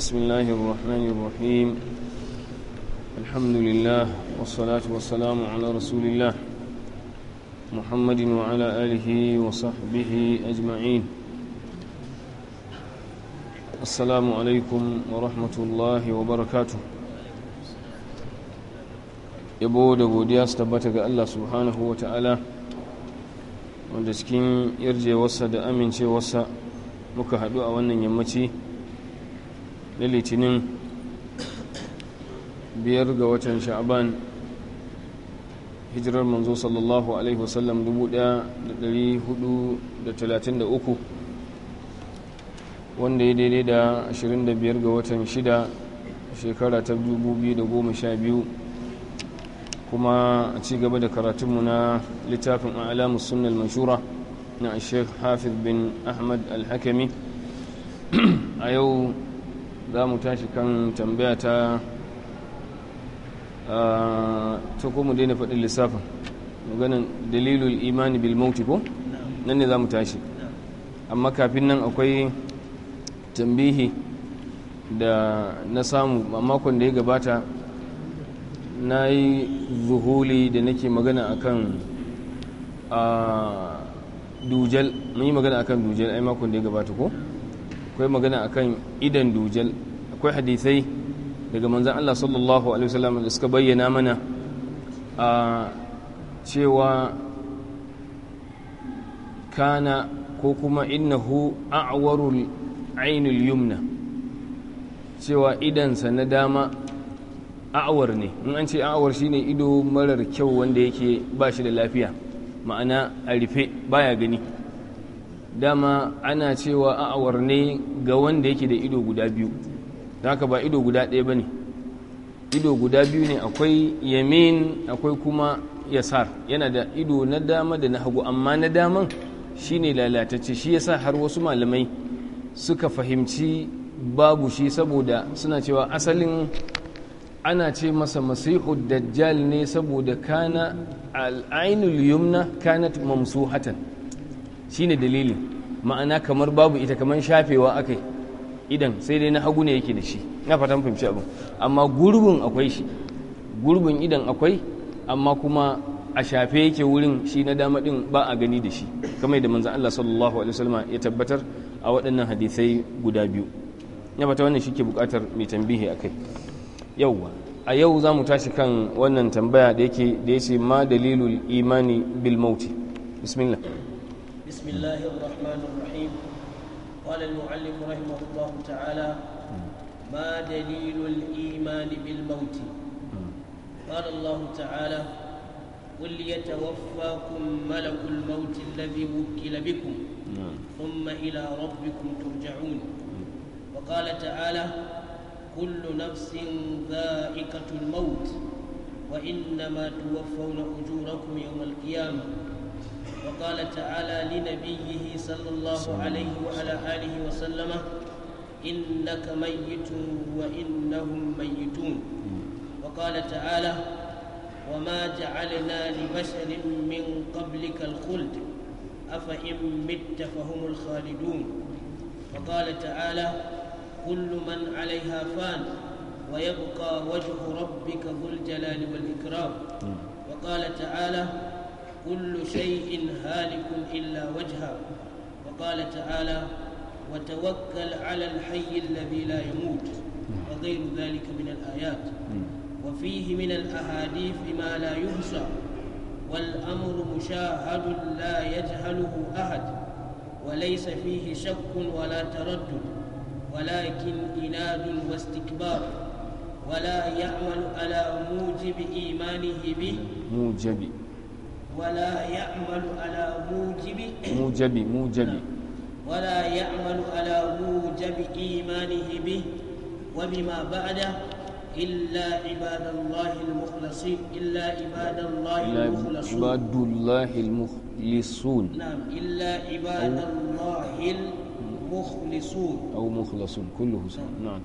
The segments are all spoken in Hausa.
بسم الله الرحمن الرحيم الحمد لله والصلاة والسلام على رسول الله محمد وعلى آله وصحبه أجمعين السلام عليكم ورحمة الله وبركاته yabo da godiya su tabbata ga Allah subhanahu wa ta'ala wanda cikin yarjewarsa da amincewarsa muka haɗu a wannan yammaci na litinin biyar ga watan sha'aban hijirar manzo sallallahu alaihi wasallam 1433 wanda ya daidai da 25 ga watan shida shekara ta 2012 kuma a ci gaba da karatunmu na littafin alamus sunnal mashura na sheikh hafiz bin ahmad al-hakami a yau za mu tashi kan tambaya ta ta ko mu daina faɗin lissafin maganin dalilul imani bil mauti ko nan ne za mu tashi amma kafin nan akwai tambihi da na samu a makon da ya gabata na yi zuhuli da nake magana akan a dujal mun yi magana akan dujal ai makon da ya gabata ko? akwai magana akan idan dujal akwai hadisai daga manzan Allah sallallahu alaihi wasallam da suka bayyana mana a cewa kana ko kuma innahu a'warul ainul yumna cewa idansa na dama a'awar ne in an ce a'awar shine ido marar kyau wanda yake ba shi da lafiya ma'ana a rufe baya gani dama ana cewa a'awar ne ga wanda yake da ido guda biyu haka ba ido guda ɗaya ba ne ido guda biyu ne akwai yamin akwai kuma yasar yana da ido na dama da na hagu amma na daman shi ne lalatacce shi yasa har wasu malamai suka fahimci babu shi saboda suna cewa asalin ana ce masa masihu dajjal ne saboda kana al'ainul yumna kanat mamsuhatan shine dalili ma'ana kamar babu ita kamar shafewa akai idan sai dai na hagu ne yake da shi na fatan fahimci abin amma gurbin akwai shi gurbin idan akwai amma kuma a shafe yake wurin shi na dama din ba a gani da shi kamar da manzon Allah sallallahu alaihi wasallam ya tabbatar a waɗannan hadisai guda biyu ya fata wannan shi ke buƙatar mai tambihi kai yauwa a yau za mu tashi kan wannan tambaya da yake da ya ce ma dalilul imani bil mauti bismillah بسم الله الرحمن الرحيم قال المعلم رحمه الله تعالى ما دليل الإيمان بالموت قال الله تعالى قل يتوفاكم ملك الموت الذي وكل بكم ثم إلى ربكم ترجعون وقال تعالى كل نفس ذائقة الموت وإنما توفون أجوركم يوم القيامة وقال تعالى لنبيه صلى الله عليه وعلى آله وسلم إنك ميت وإنهم ميتون وقال تعالى وما جعلنا لبشر من قبلك الخلد أفإن مت فهم الخالدون وقال تعالى كل من عليها فان ويبقى وجه ربك ذو الجلال والإكرام وقال تعالى كل شيء هالك إلا وجهه وقال تعالى وتوكل على الحي الذي لا يموت وغير ذلك من الآيات وفيه من الأحاديث ما لا يحصى والأمر مشاهد لا يجهله أحد وليس فيه شك ولا تردد ولكن إناد واستكبار ولا يعمل على موجب إيمانه به موجب ولا يعمل على موجب موجب موجب ولا يعمل على موجب إيمانه به وبما بعده إلا عباد الله المخلصين إلا عباد الله المخلصون عباد الله المخلصون نعم إلا عباد الله المخلصون أو مخلصون كله سنة. نعم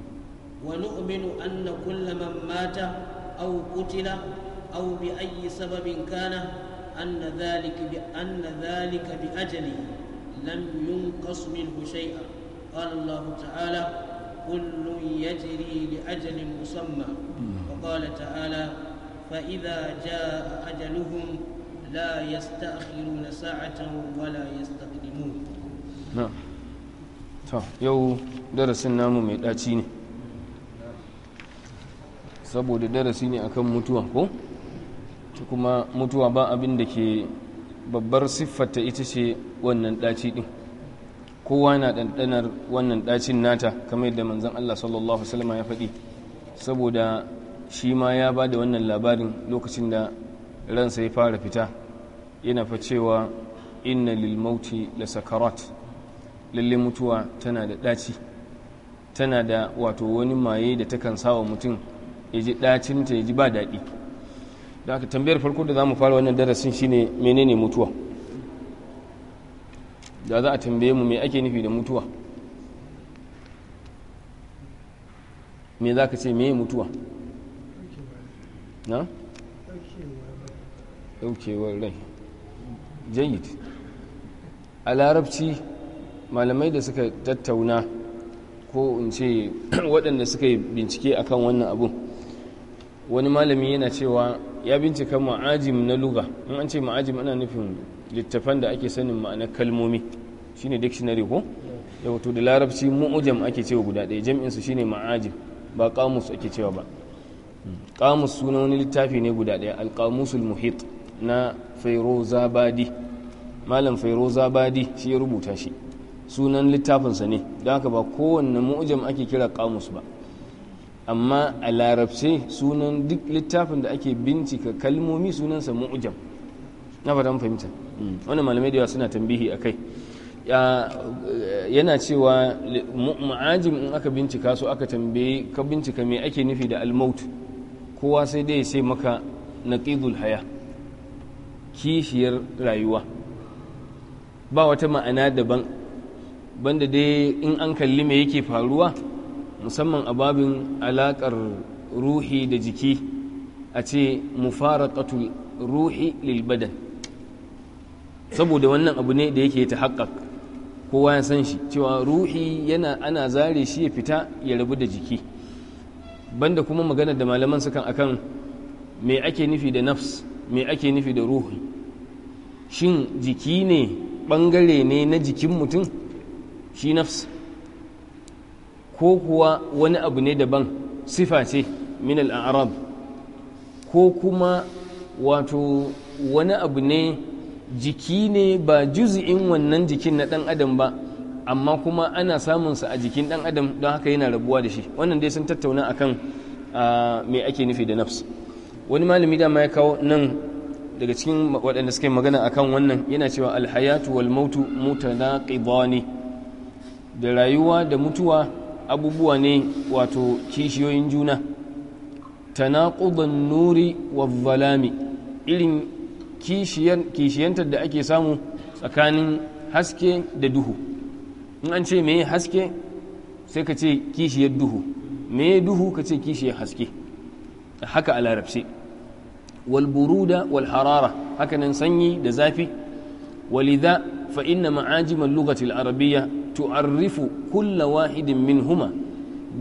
ونؤمن أن كل من مات أو قتل أو بأي سبب كان أن ذلك بأن ذلك بأجله لم ينقص منه شيئا قال الله تعالى كل يجري لأجل مسمى وقال تعالى فإذا جاء أجلهم لا يستأخرون ساعة ولا يستقدمون نعم yau darasin namu mai ɗaci ne saboda darasi ne akan mutuwa ko? ta kuma mutuwa ba abin da ke babbar siffata ita ce wannan ɗaci ɗin kowa na ɗanɗanar wannan ɗacin nata kamar yadda manzan Allah sallallahu Alaihi ya faɗi saboda shi ma ya ba da wannan labarin lokacin da ransa ya fara fita yana fa cewa inna lilmauti la sakarat lalle mutuwa tana da ɗaci tana da wato wani maye da takan sawa mutum ya ji ɗacinta ya ji ba daɗi da aka tambayar farko da za mu fara wannan darasin shine menene mutuwa da za a tambaye mu me ake nufi da mutuwa me za ka ce me mutuwa na? daukewar rai jayid a larabci malamai da suka tattauna ko in ce waɗanda suka yi bincike akan wannan abu wani malami yana cewa ya bincika ma'ajim na luga in an ce ma'ajim ana nufin littafan da ake sanin ma'anar kalmomi shine dictionary ko da wato da larabci mu'ujam ake cewa guda ɗaya jam'in su shine ma'ajim ba kamus ake cewa ba kamus hmm. suna wani littafi ne guda ɗaya alqamusul muhit na fairozabadi malam fairozabadi shi ya rubuta shi sunan littafinsa ne don haka ba kowanne mu'ujam ake kira kamus ba amma a larabce sunan duk littafin da ake bincika kalmomi sunansa mu'jam na fata fahimta mm. wani malamai da yawa suna tambihi a kai yana cewa ma'ajin in aka bincika su aka tambaye ka bincika me ake nufi da almaut kowa sai dai sai maka naqidul haya kishiyar rayuwa ba wata ma'ana daban banda dai in an kalli me yake faruwa musamman a babin alaƙar ruhi da jiki a ce mu fara ƙatul ruhi lilbadan saboda wannan abu ne da yake ta haƙaƙ kowa ya san shi cewa ruhi yana ana zare shi ya fita ya rabu da jiki banda kuma magana da malaman sukan akan me ake nufi da nafs me ake nufi da ruhi shin jiki ne ɓangare ne na jikin mutum shi nafs ko kuwa wani abu ne daban sifa ce min al'arab ko kuma wato wani abu ne jiki ne ba juzi'in wannan jikin na ɗan adam ba amma kuma ana samunsa a jikin ɗan adam don haka yana rabuwa da shi wannan dai sun tattauna akan me ake nufi da nafs wani malami dama ya kawo nan daga cikin waɗanda suka yi magana kan wannan yana cewa alhayatu wal Mutana mutanaqidani da rayuwa da mutuwa abubuwa ne wato kishiyoyin juna tanaqudan nuri wa Valami. irin kishiyantar da ake samu tsakanin haske da duhu in an ce meye haske sai ka ce kishiyar duhu meye duhu ka ce kishiyar haske haka a larabce walburuda walharara hakanan sanyi da zafi walidha fa inna ma'ajiman lugatil arabiyya tu'arrifu kulla wahidin minhuma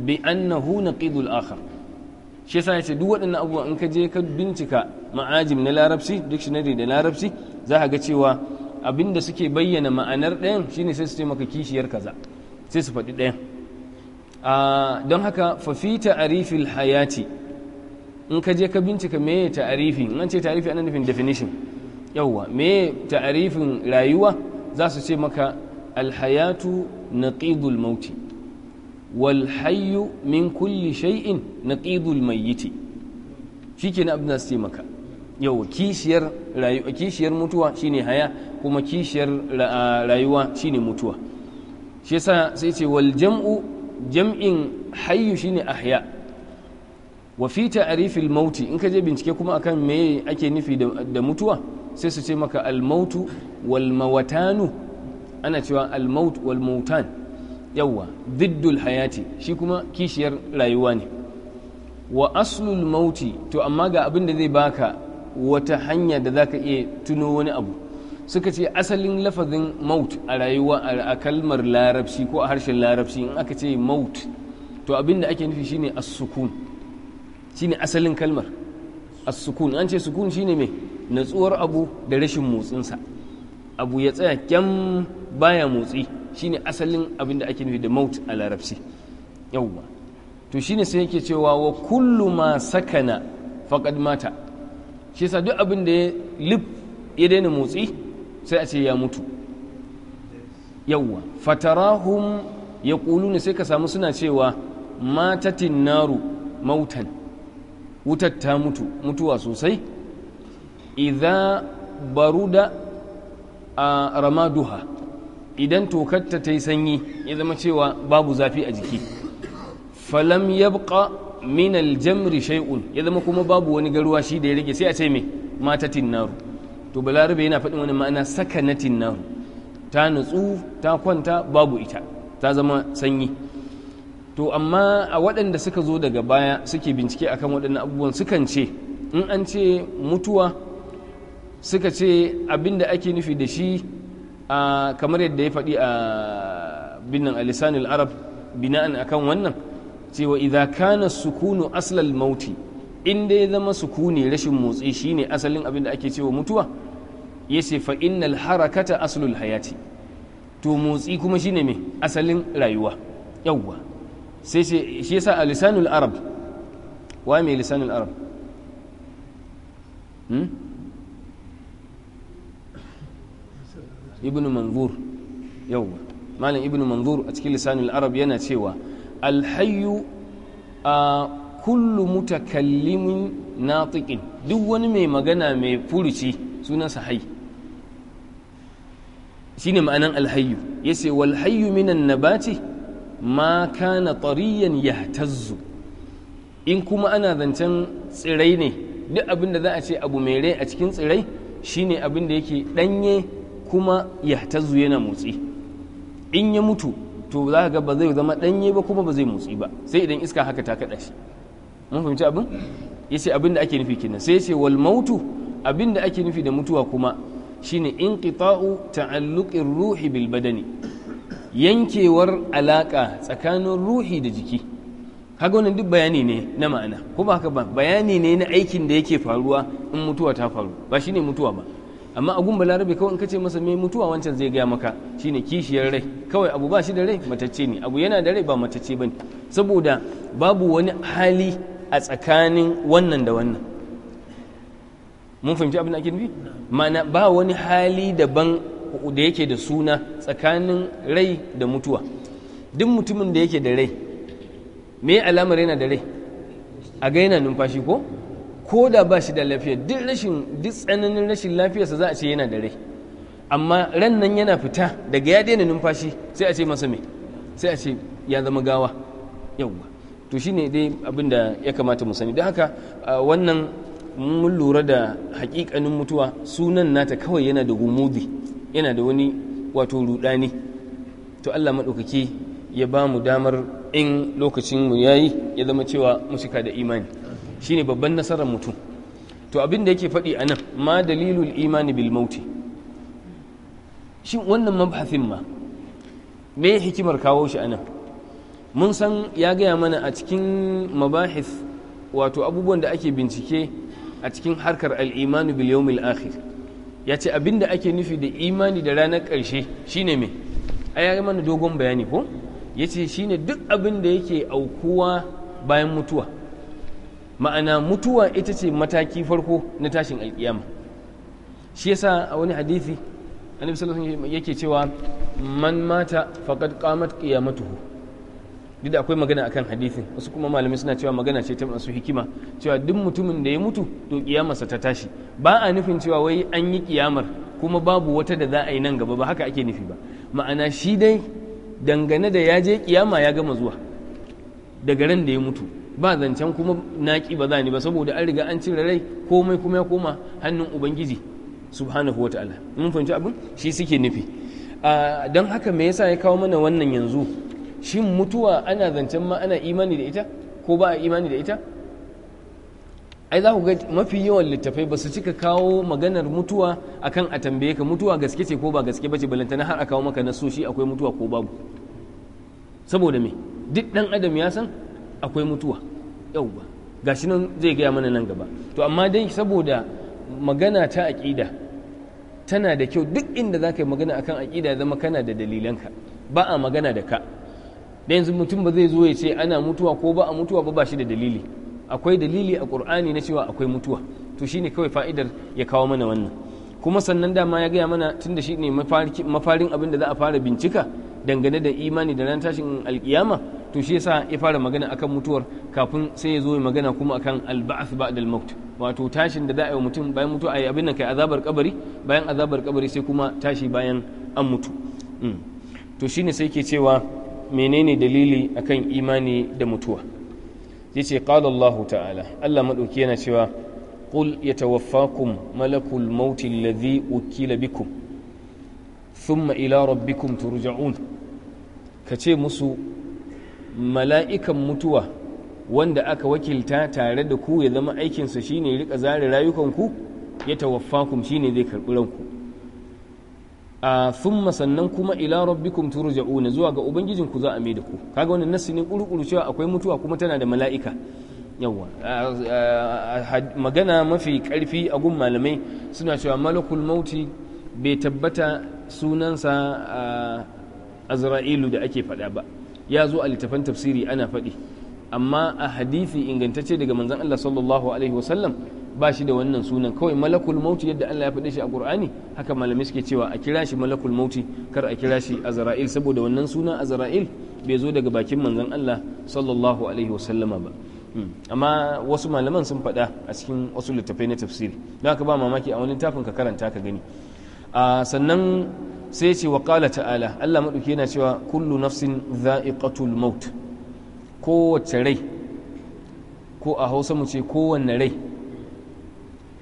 bi annahu naqidul akhar shi yasa yace duk waɗannan abubuwa in ka je ka bincika ma'ajim na larabci dictionary da larabci za ka ga cewa abinda suke bayyana ma'anar ɗayan shine sai su ce maka kishiyar kaza sai su faɗi ɗayan don haka fafita arifil hayati in ka je ka bincika me ta'arifi in an ce ta'arifi ana nufin definition yawwa me ta'arifin rayuwa za su ce maka alhayatu naqidul mauti wal hayyu min kulli shay'in naqidul mayyiti shikenan abin da su maka yau kishiyar rayuwa kishiyar mutuwa shine haya kuma kishiyar rayuwa shine mutuwa shi yasa sai ce wal jam'u jam'in hayyu shine ahya wa fi ta'rifil mauti in ka je bincike kuma akan me ake nufi da mutuwa sai su ce maka al mautu wal mawatanu ana cewa al-maut wal mautan yawa diddul hayati shi kuma kishiyar rayuwa ne wa aslul mauti to amma ga abin da zai baka wata hanya da zaka iya tuno wani abu suka ce asalin lafazin maut a rayuwa a kalmar larabci ko a harshen larabci in aka ce maut to abin da ake nufi shine as-sukun shine asalin kalmar as-sukun an ce sukun shine me natsuwar abu da rashin motsinsa abu ya tsaya kyan baya motsi shine asalin abin da ake nufi da maut a larabci yawwa to shine sai yake cewa wa kullu ma sakana faqad mata shi yasa duk abin da ya lif ya daina motsi sai a ce ya mutu yawwa fatarahum ne sai ka samu suna cewa matatin naru mautan wutar ta mutu mutuwa sosai baru da. a ramaduha idan tokarta ta yi sanyi ya zama cewa babu zafi a jiki falam yabqa min aljamri shay'un ya zama kuma babu wani garuwa shi da ya rage sai a ce mata matatin naru to balarabe yana faɗin wani ma'ana sakanatin naru ta nutsu ta kwanta babu ita ta zama sanyi to amma a waɗanda suka zo daga baya suke bincike akan waɗannan abubuwan sukan ce in an ce mutuwa suka ce abinda ake nufi da shi kamar yadda ya faɗi a binnan alisanul arab bina'an akan wannan cewa idza kana sukunu aslal mauti in dai zama sukuni rashin motsi shine asalin abin da ake cewa mutuwa yace fa innal harakata aslul hayati to motsi kuma shine me asalin rayuwa yawwa sai shi yasa a lisanul arab wa me lisanul arab hmm? ibn manzur yawwa malam ibn manzur a cikin lisanin arab yana cewa alhayyu a kullu mutakallimin natiqin duk wani mai magana mai furuci sunansa hay shine ma'anan alhayyu yace wal hayyu minan nabati ma kana tariyan yahtazzu in kuma ana zancen tsirai ne duk abin da za a ce abu mai rai a cikin tsirai shine abin da yake danye kuma ya tazu yana motsi in ya mutu to za ga ba zai zama ɗanye ba kuma ba zai motsi ba sai idan iska haka ta kaɗa shi mun fahimci abin ya ce abin da ake nufi kenan sai ce wal mautu abin da ake nufi da mutuwa kuma shine in qita'u ta'alluqin ruhi bil badani yankewar alaka tsakanin ruhi da jiki kaga wannan duk bayani ne na ma'ana ko ba haka ba bayani ne na aikin da yake faruwa in mutuwa ta faru ba shine mutuwa ba amma a gun balarabe kawai in kace masa mai mutuwa wancan zai gaya maka shine kishiyar rai kawai abu ba shi da rai matacce ne abu yana da rai ba matacce bane saboda babu wani hali a tsakanin wannan da wannan mun fahimci abin da ake nufi mana ba wani hali daban da yake da suna tsakanin rai da mutuwa duk mutumin da yake da rai me alamar yana da rai a ga yana numfashi ko ko da ba shi da lafiya duk rashin duk tsananin rashin lafiyarsa za a ce yana da rai amma ran nan yana fita daga ya daina numfashi sai a ce masa me sai a ce ya zama gawa yawwa to shine dai abin da ya kamata mu sani don haka wannan mun lura da hakikanin mutuwa sunan nata kawai yana da gumudi yana da wani wato rudani to Allah maɗaukaki ya ba mu damar in lokacin mu yayi ya zama cewa mu cika da imani shine babban nasarar mutum to abin da yake faɗi a nan ma dalilul imani bil mauti shin wannan mabhasin ma me hikimar kawo shi a nan mun san ya gaya mana a cikin mabahis wato abubuwan da ake bincike a cikin harkar al'imanu bil yawmil akhir ya ce abin da ake nufi da imani da ranar ƙarshe shine me a mana dogon bayani ko ya ce shine duk abin da yake aukuwa bayan mutuwa ma'ana mutuwa ita ce mataki farko na tashin alkiyama shi yasa a wani hadithi annabi sallallahu alaihi yake cewa man mata faqad qamat qiyamatuhu duk akwai magana akan hadithin wasu kuma malamai suna cewa magana ce ta masu hikima cewa duk mutumin da ya mutu to kiyamarsa ta tashi ba a nufin cewa wai an yi kiyamar kuma babu wata da za a yi nan gaba ba haka ake nufi ba ma'ana shi dai dangane da ya je kiyama ya gama zuwa daga ran da ya mutu ba zancen kuma naƙi ba za ni ba saboda an riga an cire rai komai kuma ya koma hannun ubangiji subhanahu wa ta'ala mun fahimci abin shi suke nufi don haka me yasa ya kawo mana wannan yanzu shin mutuwa ana zancen ma ana imani da ita ko ba a imani da ita ai za ku ga mafi yawan littattafai ba su cika kawo maganar mutuwa akan a tambaye ka mutuwa gaske ce ko ba gaske ba ce balantana har a kawo maka shi akwai mutuwa ko babu saboda me duk dan adam ya san akwai mutuwa yauwa shi nan zai gaya mana nan gaba to amma dai saboda magana ta aƙida tana da kyau duk inda za ka yi magana akan aƙida zama kana da dalilanka ba a magana da ka da yanzu mutum ba zai zo ya ce ana mutuwa ko ba a mutuwa ba ba shi da dalili akwai dalili a ƙur'ani na cewa akwai mutuwa to shine kawai fa'idar ya kawo mana wannan kuma sannan dama ya gaya mana tunda shi ne mafarin abin da za a fara bincika dangane da imani da ran tashin alkiyama to shi yasa ya fara magana akan mutuwar kafin sai ya zo ya magana kuma akan alba'ath ba'da maut wato tashin da za a yi mutum bayan mutu a yi abin nan kai azabar kabari bayan azabar kabari sai kuma tashi bayan an mutu mm. to shine sai ke cewa menene dalili akan imani da mutuwa yace qala Allah ta'ala Allah madauki yana cewa qul yatawaffakum malakul maut alladhi ukila bikum thumma ila rabbikum turja'un kace musu mala'ikan mutuwa wanda aka wakilta tare da ku ya zama aikinsa shine rika zare rayukanku ya tawaffakum ne zai karɓi ranku a thumma sannan kuma ila rabbikum turja'una zuwa ga ubangijinku za a mai da ku kaga wannan nassi ne kurukuru cewa akwai mutuwa kuma tana da mala'ika yawa magana mafi karfi a gun malamai suna cewa malakul mauti bai tabbata sunansa a azra'ilu da ake faɗa ba ya zo a littafan tafsiri ana faɗi amma a hadithi ingantacce daga manzon Allah sallallahu alaihi wasallam ba shi da wannan sunan kawai malakul mauti yadda Allah ya faɗe shi a Qur'ani haka malamai suke cewa a kira shi malakul mauti kar a kira shi azra'il saboda wannan suna azra'il bai zo daga bakin manzon Allah sallallahu alaihi wasallama ba hmm. amma wasu malaman sun faɗa a cikin wasu littafai na tafsiri don haka ba mamaki a wani tafin ka karanta ka gani ah, sannan sai ce wa ƙala ta'ala Allah maɗauki yana cewa kullu nafsin za'iqatul maut kowace rai ko a hausa mu ce kowanne rai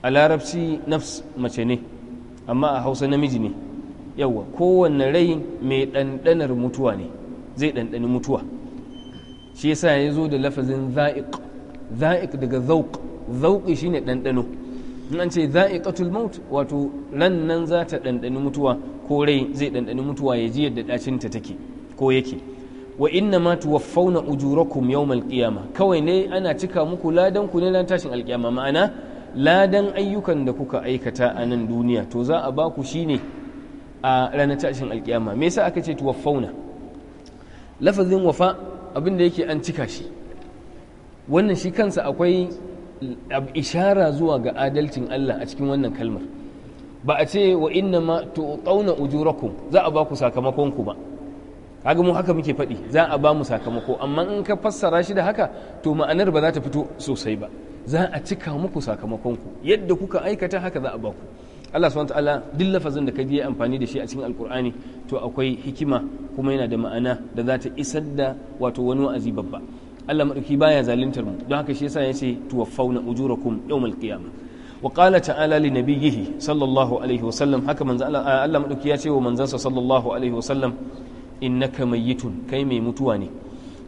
a larabci nafs mace ne amma a hausa namiji ne yawwa kowanne rai mai ɗanɗanar mutuwa ne zai ɗanɗani mutuwa shi yasa ya zo da lafazin za'iq za'iq daga zauq zauqi shine ɗanɗano in an ce za'iqatul maut wato ran nan za ta ɗanɗani mutuwa ko rai zai ɗanɗani mutuwa ya ji yadda ɗacinta take ko yake wa inna ma tuwaffauna ujurakum yawmal qiyama kawai ne ana cika muku ladan ku ne ran tashin alƙiyama. ma'ana ladan ayyukan da kuka aikata a nan duniya to za a ba ku shine a ranar tashin alƙiyama. me yasa aka ce tuwaffawna lafazin wafa abin da yake an cika shi wannan shi kansa akwai ishara zuwa ga adalcin Allah a cikin wannan kalmar ba a ce wa inna ma tu'tauna ujurakum za a ba ku sakamakon ku ba kaga mu haka muke faɗi za a ba mu sakamako amma in ka fassara shi da haka to ma'anar ba za ta fito sosai ba za a cika muku sakamakon ku yadda kuka aikata haka za a ba ku Allah subhanahu ta'ala duk lafazin da ka je amfani da shi a cikin alkur'ani to akwai hikima kuma yana da ma'ana da za ta isar da wato wani wa'azi babba Allah madauki baya zaluntar mu don haka shi yasa yace tuwaffawna ujurakum yawmal qiyamah wa qala ta'ala li nabiyhi sallallahu alaihi wa sallam haka manzo Allah madauki ya ce wa manzansa sallallahu alaihi wa sallam innaka mayyitun kai mai mutuwa ne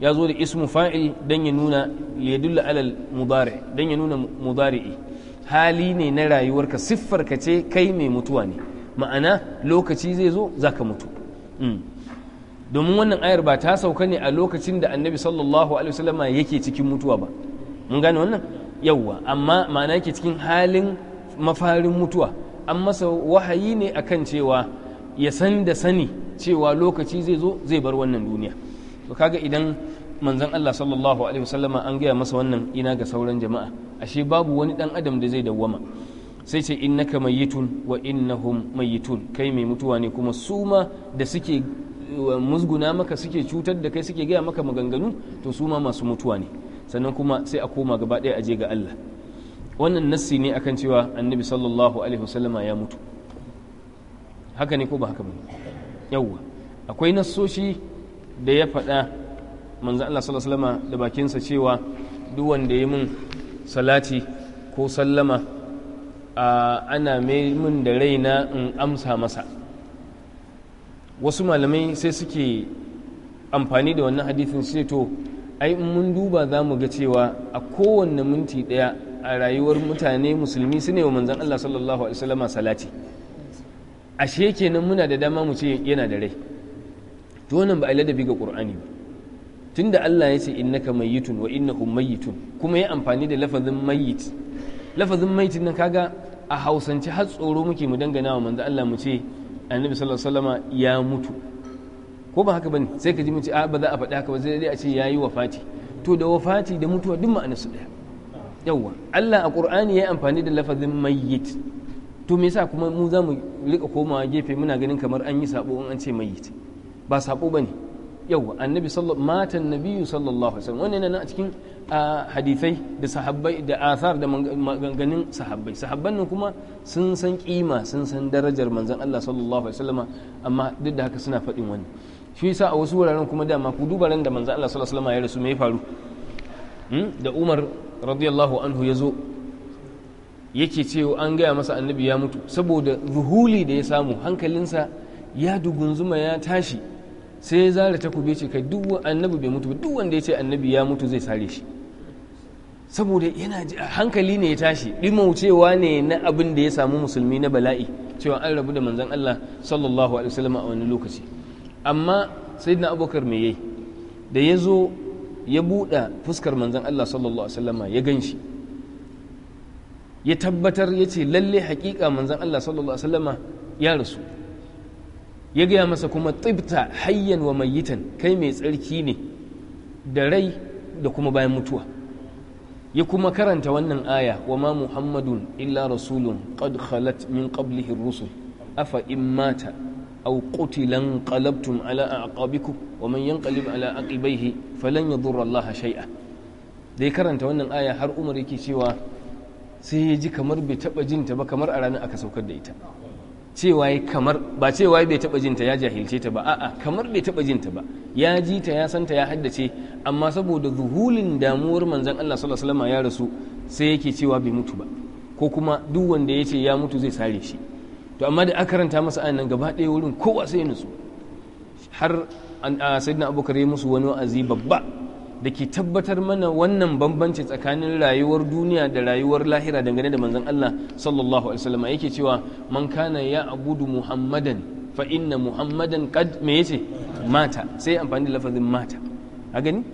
ya zo da ismu fa'il dan ya nuna liyadulla alal mudari dan ya nuna mudari'i hali ne na rayuwarka siffar ka ce kai mai mutuwa ne ma'ana lokaci zai zo zaka mutu hmm. domin wannan ayar ba ta sauka ne a lokacin da annabi sallallahu alaihi wasallam yake cikin mutuwa ba mun gane wannan yawwa amma ma'ana yake cikin halin mafarin mutuwa an masa wahayi ne akan cewa ya san da sani cewa lokaci zai zo zai bar wannan duniya to kaga idan manzon Allah sallallahu alaihi wasallam an gaya masa wannan ina ga sauran jama'a ashe babu wani dan adam da zai dawwama sai ce innaka mayyitun wa innahum mayyitun kai mai mutuwa ne kuma su ma da suke musguna maka suke cutar da kai suke gaya maka maganganu to su ma masu mutuwa ne sannan kuma sai a koma gaba ɗaya aje ga Allah wannan nassi ne akan cewa annabi sallallahu alaihi wasallama ya mutu haka ne ko ba haka ba yawwa akwai nassoshi da ya faɗa manzo Allah sallallahu alaihi wasallama da bakinsa cewa duk wanda ya mun salati ko sallama ana mai mun da raina in amsa masa wasu malamai sai suke amfani da wannan hadithin sai to ai mun duba za mu ga cewa a kowanne minti daya a rayuwar mutane musulmi su ne wa manzan Allah sallallahu alaihi wasallama salati ashe kenan muna da dama mu ce yana da rai to wannan ba a ladabi ga qur'ani ba tunda Allah ya ce innaka mayyitun wa innahum mayyitun kuma ya amfani da lafazin mayyit lafazin mayyit nan kaga a hausance har tsoro muke mu dangana wa manzan Allah mu ce annabi sallallahu alaihi wasallama ya mutu ko ba haka bane sai ka ji mun ce a ba za a faɗi haka ba sai dai a ce yayi wafati to da wafati da mutuwa duk ma'anar su daya yawa Allah a Qur'ani yi amfani da lafazin mayyit to me yasa kuma mu za mu rika komawa gefe muna ganin kamar an yi sabo an ce mayyit ba sabo bane yawa annabi sallallahu matan nabiyyu sallallahu alaihi wasallam wannan yana a cikin a hadithai da sahabbai da athar da maganganun sahabbai sahabban nan kuma sun san kima sun san darajar manzon Allah sallallahu alaihi wasallama amma duk da haka suna faɗin wani shi yasa a wasu wuraren kuma dama ku duba ran da manzon Allah sallallahu alaihi wasallama ya rasu me ya faru hmm? da Umar radiyallahu anhu ya zo yake cewa an gaya masa annabi ya mutu saboda ruhuli da ya samu hankalinsa ya dugunzuma ya tashi sai ya zara takobi ce kai duk bai mutu duk wanda ya ce annabi ya mutu zai sare shi saboda yana hankali ne ya tashi cewa ne na abin da ya samu musulmi na bala'i cewa an rabu da manzon Allah sallallahu alaihi wasallam a wani lokaci amma sayyidina abubakar me yayi da ya zo ya buɗa fuskar manzon Allah sallallahu alaihi wasallam ya ganshi ya tabbatar ya ce lalle hakika manzon Allah sallallahu alaihi wasallam ya rasu ya gaya masa kuma tsibta hayyan wa mayitan kai mai tsarki ne da rai da kuma bayan mutuwa ya kuma karanta wannan aya wa ma muhammadun illa rasulun qad khalat min qablihi rusul afa in mata aw qutila qalabtum ala aqabikum wa man yanqalib ala aqibaihi falan yadurra allaha shay'a dai karanta wannan aya har umar yake cewa sai ya ji kamar bai taba jinta ba kamar a ranar aka saukar da ita cewa kamar ba cewa bai taba jinta ya jahilce ta ba a'a kamar bai taba jinta ba ya ji ta ya santa ya haddace amma saboda zuhulin damuwar manzon Allah sallallahu alaihi wasallam ya rasu sai yake cewa bai mutu ba ko kuma duk wanda ya ce ya mutu zai sare shi to amma da aka karanta masa ayan nan gaba ɗaya wurin kowa sai ya nutsu har sayyidina abubakar ya musu wani wa'azi babba da ke tabbatar mana wannan bambanci tsakanin rayuwar duniya da rayuwar lahira dangane da manzon Allah sallallahu alaihi wasallam yake cewa man kana ya abudu muhammadan fa inna muhammadan qad me yace mata sai amfani da lafazin mata a gani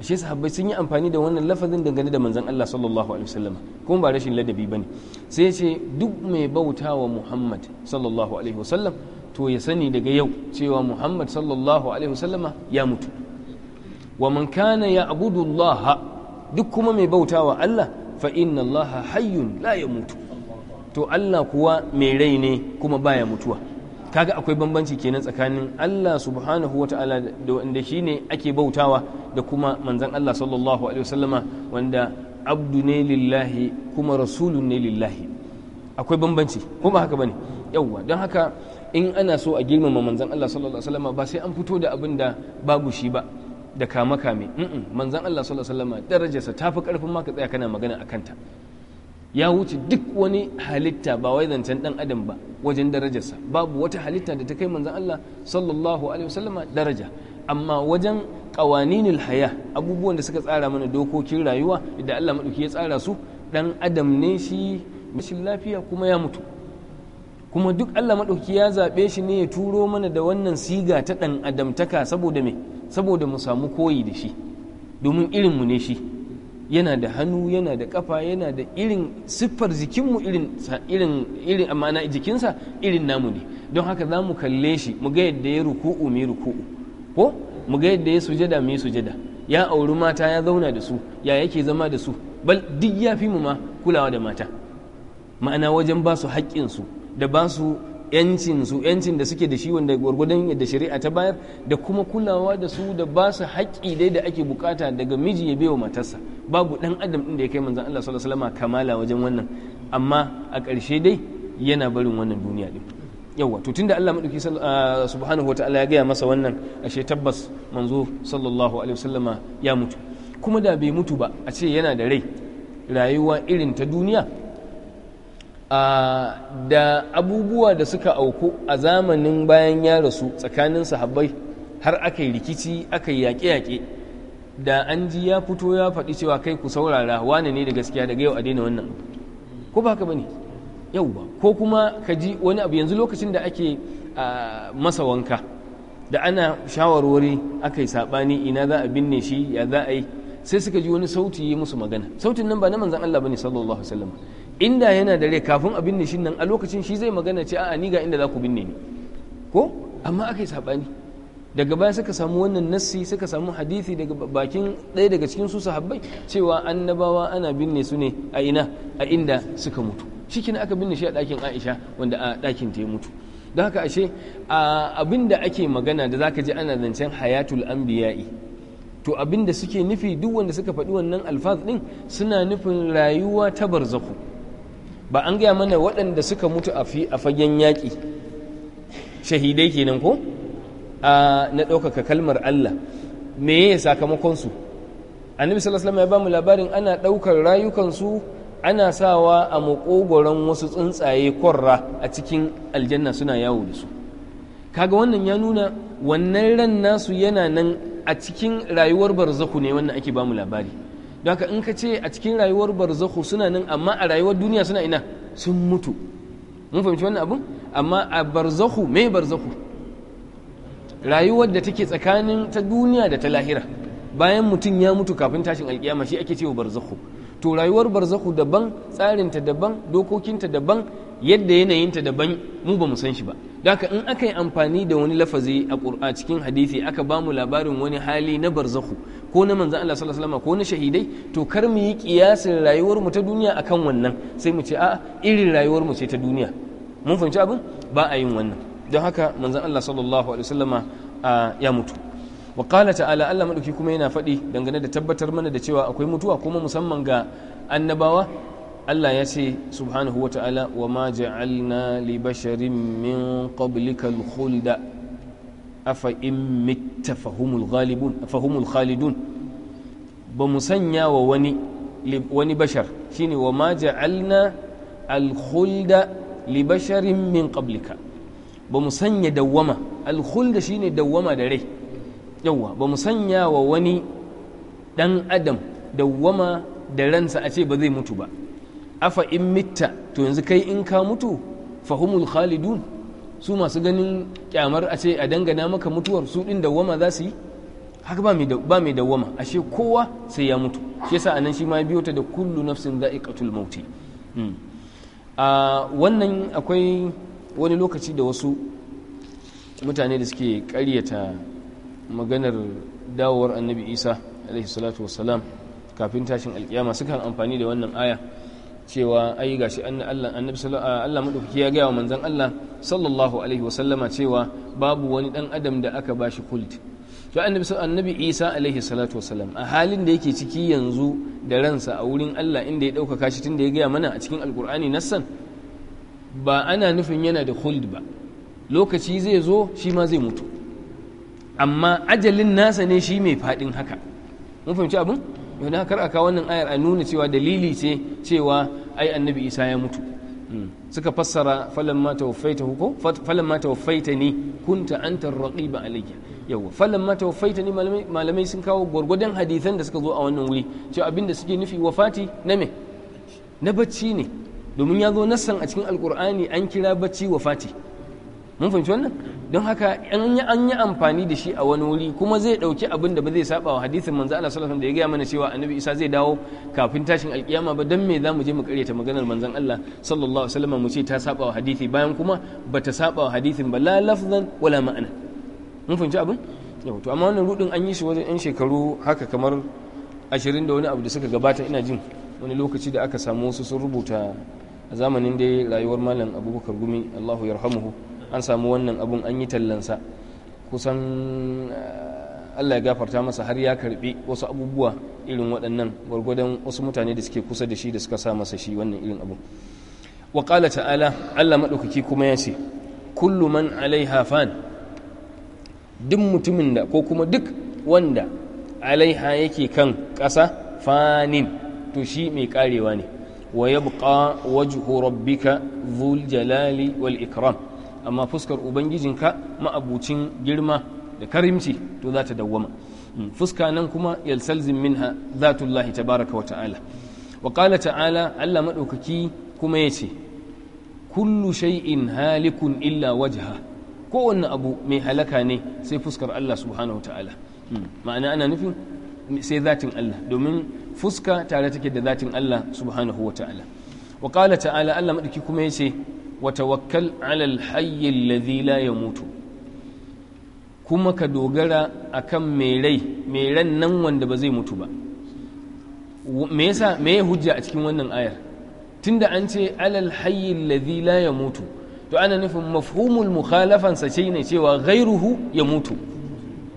shi sahabbai sun yi amfani da wannan lafazin dangane da manzon Allah sallallahu alaihi wasallam kuma ba rashin ladabi bane sai ce duk mai bautawa muhammad sallallahu alaihi wasallam to ya sani daga yau cewa muhammad sallallahu alaihi wasallama ya mutu wa man kana ya'budu Allah duk kuma mai bautawa Allah fa inna Allah hayyun la yamutu to Allah kuwa mai rai ne kuma baya mutuwa kaga akwai bambanci kenan tsakanin Allah subhanahu wa ta'ala da wanda shi ne ake bautawa da kuma manzan Allah sallallahu alaihi wasallama wanda abdu ne lillahi kuma rasulun ne lillahi akwai bambanci kuma ba haka bane yawwa don haka in ana so a girmama manzan Allah sallallahu alaihi wasallama ba sai an fito da abin da babu shi ba da kame kame manzan Allah sallallahu alaihi wasallam darajarsa ta fi karfin ma ka tsaya kana magana a kanta ya wuce duk wani halitta ba wai zancen dan adam ba wajen darajarsa babu wata halitta da ta kai manzan Allah sallallahu alaihi wasallama daraja amma wajen kawaninul haya abubuwan da suka tsara mana dokokin rayuwa da Allah madauki ya tsara su dan adam ne shi rashin lafiya kuma ya mutu kuma duk Allah maɗauki ya zaɓe shi ne ya turo mana da wannan siga ta ɗan adamtaka saboda me saboda mu samu koyi da shi domin irinmu ne shi yana da hannu yana da kafa yana da irin siffar jikinmu irin irin irin amana jikinsa irin namu ne don haka za mu kalle shi mu ga yadda ya ruku'u mai ruku'u ko mu ga yadda ya sujada mai sujada ya auri mata ya zauna da su ya yake zama da su bal duk ya fi mu ma kulawa da mata ma'ana wajen ba su haƙƙinsu da ba su yancin su yancin da suke da shi wanda gwargwadon da shari'a ta bayar da kuma kulawa da su da ba su haƙƙi dai da ake bukata daga miji ya wa matarsa babu ɗan adam ɗin da ya kai manzan Allah sallallahu alaihi wasallam kamala wajen wannan amma a ƙarshe dai yana barin wannan duniya ɗin yawa to tunda Allah madauki ah, subhanahu wataala ya gaya masa wannan ashe tabbas manzo sallallahu alaihi wasallama ya mutu kuma da bai mutu ba a ce yana da rai rayuwa irin ta duniya da abubuwa da suka auku a zamanin bayan ya rasu tsakanin sahabbai har aka yi rikici aka yi yaƙe-yaƙe da an ji ya fito ya faɗi cewa kai ku saurara wane ne da gaskiya daga yau a daina wannan ko ba ka ba yau ba ko kuma ka ji wani abu yanzu lokacin da ake masa wanka da ana shawarwari aka yi saɓani ina za a binne shi ya za a yi sai suka ji wani sauti yi musu magana sautin nan ba na manzan Allah ba ne sallallahu alaihi wasallam inda yana da rai kafin a binne shi nan a lokacin shi zai magana ce a'a ni ga inda za ku binne ni ko amma aka yi saɓani daga baya suka samu wannan nassi suka samu hadithi daga bakin ɗaya daga cikin su sahabbai cewa annabawa ana binne su ne a ina a inda suka mutu cikin aka binne shi a ɗakin Aisha wanda a ɗakin ta ya mutu don haka ashe abin da ake magana da zaka ji ana zancen hayatul anbiya'i to abinda da suke nufi duk wanda suka faɗi wannan alfaz ɗin suna nufin rayuwa ta barzaku ba an gaya mana waɗanda suka mutu a fagen yaƙi shahidai kenan ko na ɗaukaka kalmar Allah me ya sakamakonsu annabi sallallahu alaihi ya bamu labarin ana ɗaukar rayukansu ana sawa a makogoron wasu tsuntsaye kwarra a cikin aljanna suna yawo da su kaga wannan ya nuna wannan ran nasu yana nan a cikin rayuwar barzaku ne wannan ake bamu labari don in ka ce a cikin rayuwar barzakhu suna nan amma a rayuwar duniya suna ina sun mutu mun fahimci wannan abun amma a barzakhu me barzakhu rayuwar da take tsakanin ta duniya da ta lahira bayan mutum ya mutu kafin tashin alkiyama shi ake cewa barzakhu to rayuwar barzahu daban tsarinta daban dokokinta daban yadda yanayinta daban mu ba mu san shi ba haka in aka yi amfani da wani lafazi a cikin hadisi aka ba mu labarin wani hali na barzahu ko na manzan Allah sallallahu ko na shahidai to kar mu yi kiyasin rayuwar mu ta duniya akan wannan sai mu ce a'a irin rayuwar mu ce ta duniya mun fahimci abin ba a yin wannan don haka manzan Allah sallallahu alaihi wasallama ya mutu wa qala ta'ala Allah madauki kuma yana faɗi dangane da tabbatar mana da cewa akwai mutuwa kuma musamman ga annabawa Allah ya ce subhanahu wa ta'ala wa ma ja'alna li basharin min qablika al-khulda afa in mitta fahumul ghalibun fahumul khalidun ba mu sanya wa wani wani bashar shine wa ma ja'alna al-khulda li basharin min qablika ba mu sanya dawwama al-khulda shine dawwama da rai yawwa ba mu sanya wa wani ɗan adam dawwama da ransa a ce ba zai mutu ba afa in mitta to yanzu kai in ka mutu fahumul khalidun su masu ganin kyamar a ce a dangana maka mutuwar su ɗin dawwama za su yi haka ba mai dawwama ashe kowa sai ya mutu shi yasa anan shi ma biyo ta da kullu nafsin za'iqatul mauti hmm. a wannan akwai wani lokaci da wasu mutane da suke karyata. maganar dawowar annabi isa alaihi salatu salam kafin tashin alkiyama sukan amfani da wannan aya cewa ai gashi Allah annabi Allah madaukaki ya gaya wa manzon Allah sallallahu alaihi wasallama cewa babu wani ɗan adam da aka bashi kult to annabi annabi Isa alaihi salatu wasalam a halin da yake ciki yanzu da ransa a wurin Allah inda ya kashi shi da ya gaya mana a cikin alkur'ani nassan ba ana nufin yana da kult ba lokaci zai zo shi ma zai mutu amma ajalin nasa ne shi mai faɗin haka mun fahimci abin yau da kar aka wannan ayar a nuna cewa dalili ce cewa ai annabi isa ya mutu hmm. suka fassara wafaita hukum huko mata wafaita ne kunta anta raqiba alayya yawa mata wafaita ne malamai sun kawo gwargwadon hadisan da suka zo a wannan wuri cewa abinda suke nufi wafati na me na bacci ne domin ya zo nassan a cikin alkur'ani an kira bacci wafati mun fahimci wannan don haka an yi amfani da shi a wani wuri kuma zai ɗauki abin da ba zai saba wa hadisin manzo Allah sallallahu alaihi wasallam da ya gaya mana cewa annabi Isa zai dawo kafin tashin alkiyama ba don me zamu je mu karyata maganar manzon Allah sallallahu alaihi wasallam mu ce ta saba wa hadisi bayan kuma bata saba wa hadisin ba la lafzan wala ma'ana mun fahimci abin yau to amma wannan rudin an yi shi wajen yan shekaru haka kamar 20 da wani abu da suka gabata ina jin wani lokaci da aka samu wasu sun rubuta a zamanin dai rayuwar malam Abubakar Gumi Allahu yarhamuhu an samu wannan abun an yi tallansa kusan eh, allah ya gafarta masa har ya karbi wasu abubuwa irin waɗannan gwargwadon wasu mutane da suke kusa da shi da suka sa masa shi wannan irin abu wa ƙala ta'ala allah maɗaukaki kuma ya ce kullu man alaiha fan duk mutumin da ko kuma duk wanda alaiha yake kan ƙasa fanin to shi mai karewa ne wa yabqa wajhu rabbika dhul jalali wal ikram amma fuskar ubangijinka ma'abucin girma da karimci to za ta dawwama hmm, fuska nan kuma yalsalzim minha zatullahi tabaraka wa ta'ala wa qala ta'ala Allah madaukaki kuma yace kullu shay'in halikun illa wajha kowanne abu mai halaka ne sai fuskar Allah subhanahu wa ta'ala hmm, ma'ana ana nufin sai zatin Allah domin fuska tare take da zatin Allah subhanahu wa ta'ala wa qala ta'ala Allah madauki kuma yace Wata tawakkal ala alhayy alladhi ya mutu kuma ka dogara akan mai mai ran nan wanda ba zai mutu ba me yasa me ya hujja a cikin wannan ayar tunda an ce alal hayyin alladhi la mutu, to ana nufin mafhumul mukhalafan sa ne cewa ghairuhu ya mutu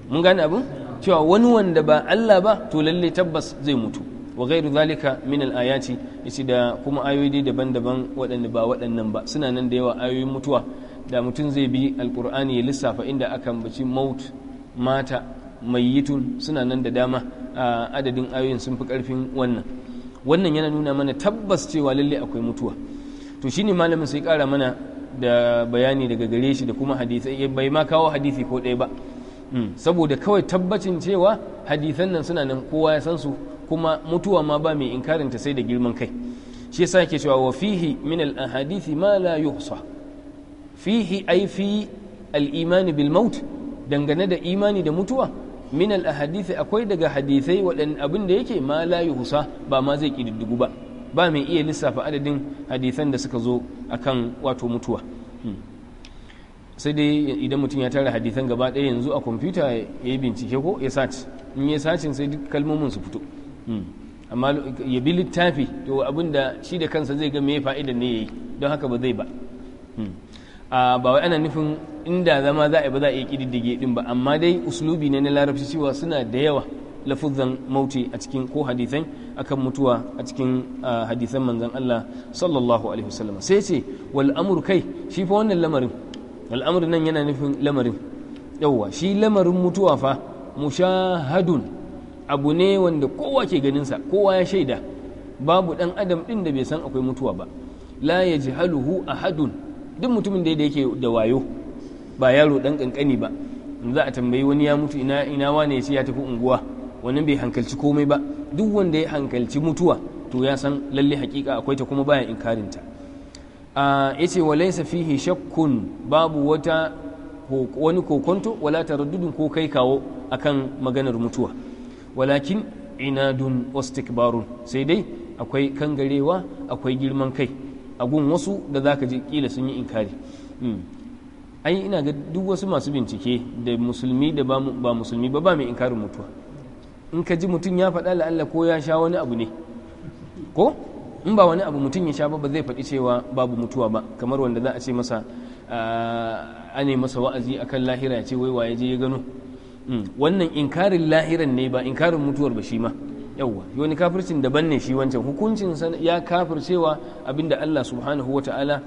mun gane abin cewa wani wanda ba Allah ba to lalle tabbas zai mutu wa gairu zalika min al-ayati yace da kuma ayoyi daban-daban waɗanda ba waɗannan ba suna nan da yawa ayoyin mutuwa da mutum zai bi alkur'ani ya lissafa inda aka ambaci maut mata mai mayyitun suna nan da dama a adadin ayoyin sun fi karfin wannan wannan yana nuna mana tabbas cewa lalle akwai mutuwa to shine malamin sai kara mana da bayani daga gare shi da kuma hadisai eh, bai ma kawo hadisi ko ɗaya ba hmm. saboda kawai tabbacin cewa hadisan nan suna nan kowa ya san su kuma mutuwa ma ba mai inkarin sai da girman kai shi yasa yake cewa wa fihi min al ahadithi ma la yuhsa fihi ay fi al imani bil maut dangane da imani da mutuwa min al ahadithi akwai daga hadithai wadan abin da yake ma la yuhsa ba ma zai kididdigu ba ba mai iya lissafa adadin hadithan da suka zo akan wato mutuwa hmm. sai dai idan mutum ya tara hadithan gaba ɗaya yanzu a kwamfuta ya yi bincike ko ya sace in ya sace sai duk kalmomin su fito Mm. amma ya bi littafi to abin da shi da kansa zai ga mai fa'ida ne ya yi don haka ba zai ba mm. ba wai ana nufin inda zama za a ba za a iya kididdige din ba amma dai uslubi ne na larabci cewa suna da yawa lafuzan mauti a cikin ko hadithan akan mutuwa a cikin hadithan manzon Allah sallallahu alaihi wasallam sai ce wal kai shi fa wannan lamarin wal nan yana nufin lamarin yawa shi lamarin mutuwa fa mushahadun abu ne wanda kowa ke ganin sa kowa ya shaida babu ɗan adam ɗin da bai san akwai mutuwa ba la ya ji haluhu ahadun duk mutumin da yake da wayo ba yaro ɗan ƙanƙani ba in za a tambayi wani ya mutu ina ina wane ya ce ya tafi unguwa wani bai hankalci komai ba duk wanda ya hankalci mutuwa to ya san lalle hakika akwai ta kuma baya ta ya ce wa fihi shakkun babu wata wani kokonto wala taraddudin ko kai kawo akan maganar mutuwa walakin inadun wastikbarun sai dai akwai kangarewa akwai girman kai a gun wasu da za ka ji kila sun yi inkari hmm. ai ina ga duk wasu masu bincike da musulmi da ba musulmi ba ba mai inkarin mutuwa in ka ji mutum ya faɗa la'alla ko ya sha wani abu ne ko in ba wani abu mutum ya sha ba ba zai faɗi cewa babu mutuwa ba kamar wanda za a ce masa a ah, ne masa wa'azi akan lahira ya ce wai waye je ya gano Mm. wannan inkarin lahiran ne ba inkarin mutuwar ba shi ma yawwa wani kafircin daban ne shi wancan hukuncin ya kafircewa abinda Allah subhanahu wa ta'ala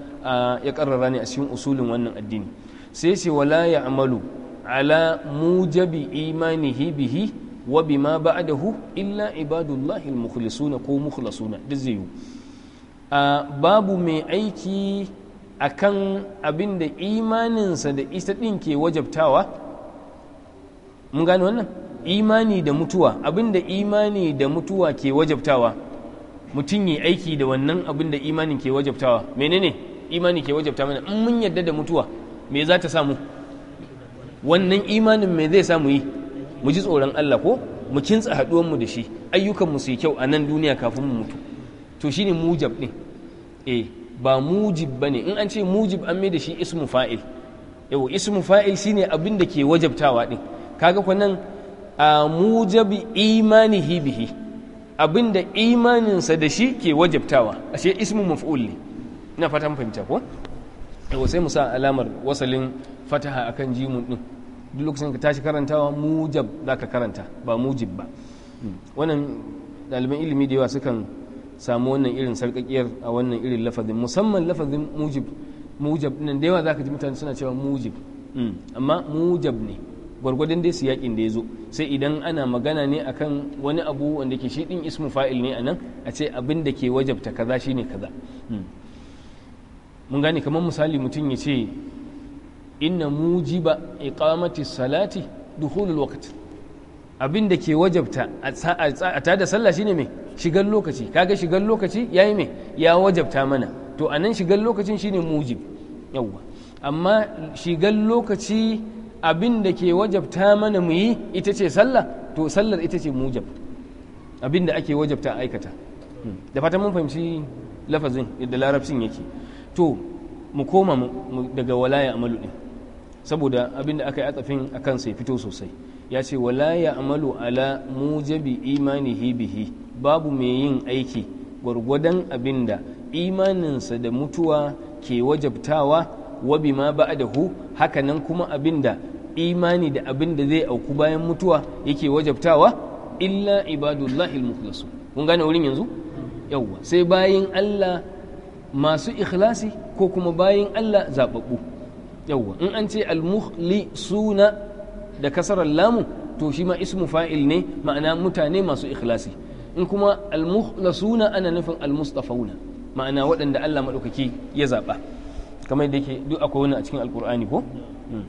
ya karrara ne a cikin usulin wannan addini sai ce wala ya amalu ala mujabi imanihi bihi wa bima ba'dahu illa ibadullahi al-mukhlisuna ko mukhlasuna duk zai babu mai aiki akan abinda imaninsa da ita din ke wajabtawa mun gane wannan imani da mutuwa abinda imani da mutuwa ke wajabtawa mutum yi aiki da wannan abin da imanin ke wajabtawa menene imani ke wajabta mana in mun yadda da mutuwa me za ta samu wannan imanin me zai samu yi mu ji tsoron Allah ko mu kintsa haduwan mu da shi ayyukan mu su yi kyau a nan duniya kafin mu mutu to shine mujab din eh ba mujib bane in an ce mujib an mai da shi ismu fa'il yau ismu fa'il shine abin da ke wajabtawa din kaga nan a mujabi imani hibihi abinda imaninsa da shi ke wajabtawa ashe ismu maf'ul ne ina fatan fahimta ko to sai mu alamar wasalin fataha akan jimun din duk lokacin ka tashi karantawa mujab zaka karanta ba mujib ba hmm. wannan ɗaliban ilimi da yawa sukan samu wannan irin sarkakiyar a wannan irin lafazin musamman lafazin mujib mujab nan da yawa zaka ji mutane suna cewa mujib hmm. amma mujab ne gwargwadon dai siyakin da ya zo sai idan ana magana ne akan wani abu wanda ke shi din ismu fa'il ne a nan a ce abin da ke wajabta kaza shi ne kaza hmm. mun gane kamar misali mutum ya ce inna mujiba iqamati salati duhulul waqt abin da ke wajabta a tada sallah shine me shigar lokaci kaga shigar lokaci yayi me ya wajabta mana to anan shigar lokacin shine mujib yawwa amma shigar lokaci abin da ke wajabta mana mu yi ita ce sallah to sallar ita ce mujab abin da ake wajabta aikata hmm. da fatan mun fahimci lafazin yadda larabcin yake to mu koma daga walaya amalu din saboda abin da aka yi atsafin a kansa ya fito sosai ya ce walaya amalu ala mujabi imanihi bihi babu mai yin aiki gwargwadon abin da imaninsa da mutuwa ke wajabtawa wa bima haka hakanan kuma abinda imani da abin da zai auku bayan mutuwa yake wajabtawa illa ibadullahi almukhlasu kun gane wurin yanzu yawwa sai bayin Allah masu ikhlasi ko kuma bayin Allah zababbu yawwa in an ce almukhlisuna da kasarar lamu to shi ma ismu fa'il ne ma'ana mutane masu ikhlasi in kuma almukhlasuna ana nufin almustafawuna ma'ana waɗanda Allah maɗaukaki ya zaɓa kamar da yake duk akwai wani a cikin alkur'ani ko hmm.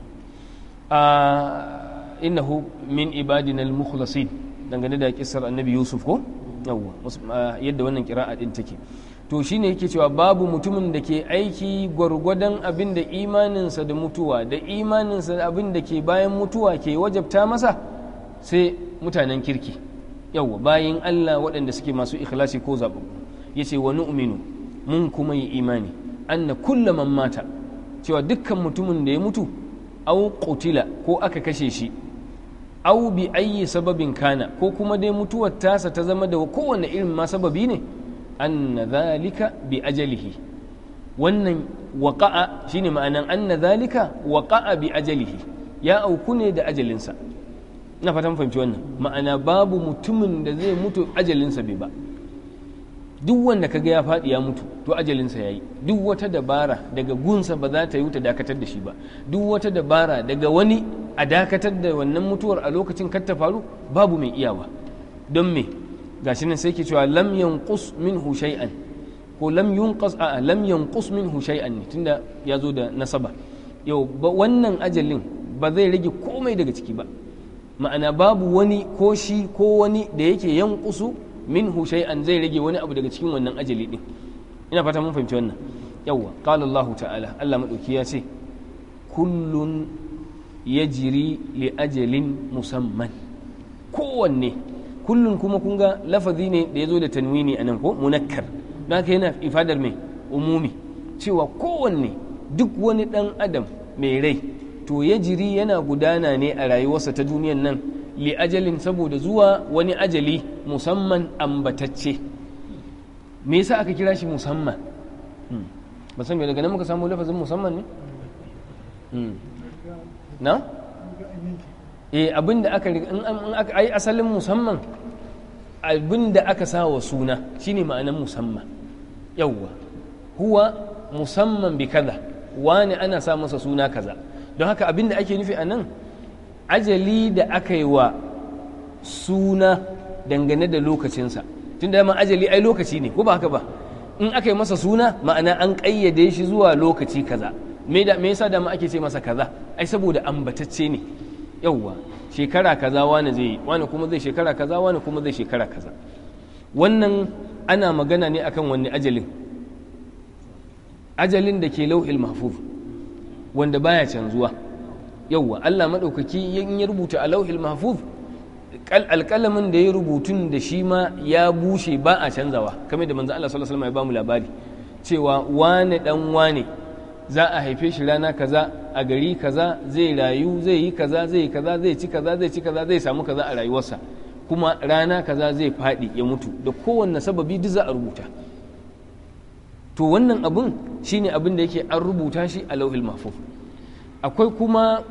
innahu min ibadina al-mukhlasin dangane da kisar annabi yusuf ko yawwa yadda wannan kira'a din take to shine yake cewa babu mutumin da ke aiki gwargwadon abin da imaninsa da mutuwa da imaninsa da abin da ke bayan mutuwa ke wajabta masa sai mutanen kirki yawwa bayan allah waɗanda suke masu ikhlasi ko zaɓaɓɓu ya ce wa mun kuma yi imani anna kulla man mata cewa dukkan mutumin da ya mutu au qutila ko aka kashe shi au bi ayyi sababin kana ko kuma dai mutuwar tasa ta zama da kowane irin ma sababi ne anna zalika bi ajalihi wannan waqa'a shine ma'anan anna zalika waqa'a bi ajalihi ya auku ne da ajalinsa na fatan fahimci wannan ma'ana babu mutumin da zai mutu ajalinsa bai ba duk wanda kaga ya faɗi ya mutu to ajalinsa ya yi duk wata dabara daga gunsa ba za ta yi ta dakatar da shi ba duk wata dabara daga wani a dakatar da wannan mutuwar a lokacin kar ta faru babu mai iyawa don me ga shi nan sai ke cewa lam yanqus minhu shay'an ko lam yunqas a lam yanqus minhu shay'an ne tunda ya zo da nasaba yau wannan ajalin ba zai rage komai daga ciki ba ma'ana babu wani ko shi ko wani da yake yankusu min hushai an zai rage wani abu daga cikin wannan ajali din ina fata mun fahimci wannan yawwa qala Allah ta'ala Allah madauki ya ce kullun yajri li ajalin musamman kowanne kullun kuma kun ga lafazi ne da yazo da tanwini anan ko munakkar don haka yana ifadar mai umumi cewa kowanne duk wani dan adam mai rai to yajri yana gudana ne a rayuwarsa ta duniyar nan li ajalin saboda zuwa wani ajali musamman ambatacce me yasa aka kira shi musamman hmm. ba san me daga nan muka samu lafazin musamman ne hmm. na eh abinda aka in aka ai asalin musamman abinda aka sa wa suna shine ma'anan musamman yawwa huwa musamman bi kaza wani ana sa masa suna kaza don haka abinda ake nufi a nan ajali da aka yi wa suna dangane da lokacinsa tun da yamma ajali ai lokaci ne ko ba haka ba in aka yi masa suna ma'ana an ƙayyade shi zuwa lokaci kaza me da me yasa da ma ake ce masa kaza ai saboda ambatacce ne yawwa shekara kaza wani zai yi wani kuma zai shekara kaza wani kuma zai shekara kaza wannan ana magana ne akan wani ajalin ajalin da ke lauhil mahfuz wanda baya canzuwa yawwa Allah maɗaukaki in ya rubuta a lauhil mahfuz alƙalamin da ya rubutun da shi ma ya bushe ba a canzawa kamar da manzan Allah sallallahu alaihi wasallam ya bamu labari cewa wane dan wane za a haife shi rana kaza a gari kaza zai rayu zai yi kaza zai yi kaza zai ci kaza zai ci kaza zai samu kaza a rayuwarsa kuma rana kaza zai faɗi ya mutu da kowanne sababi duk za a rubuta to wannan abun shine abin da yake an rubuta shi a lauhil mahfuz akwai kuma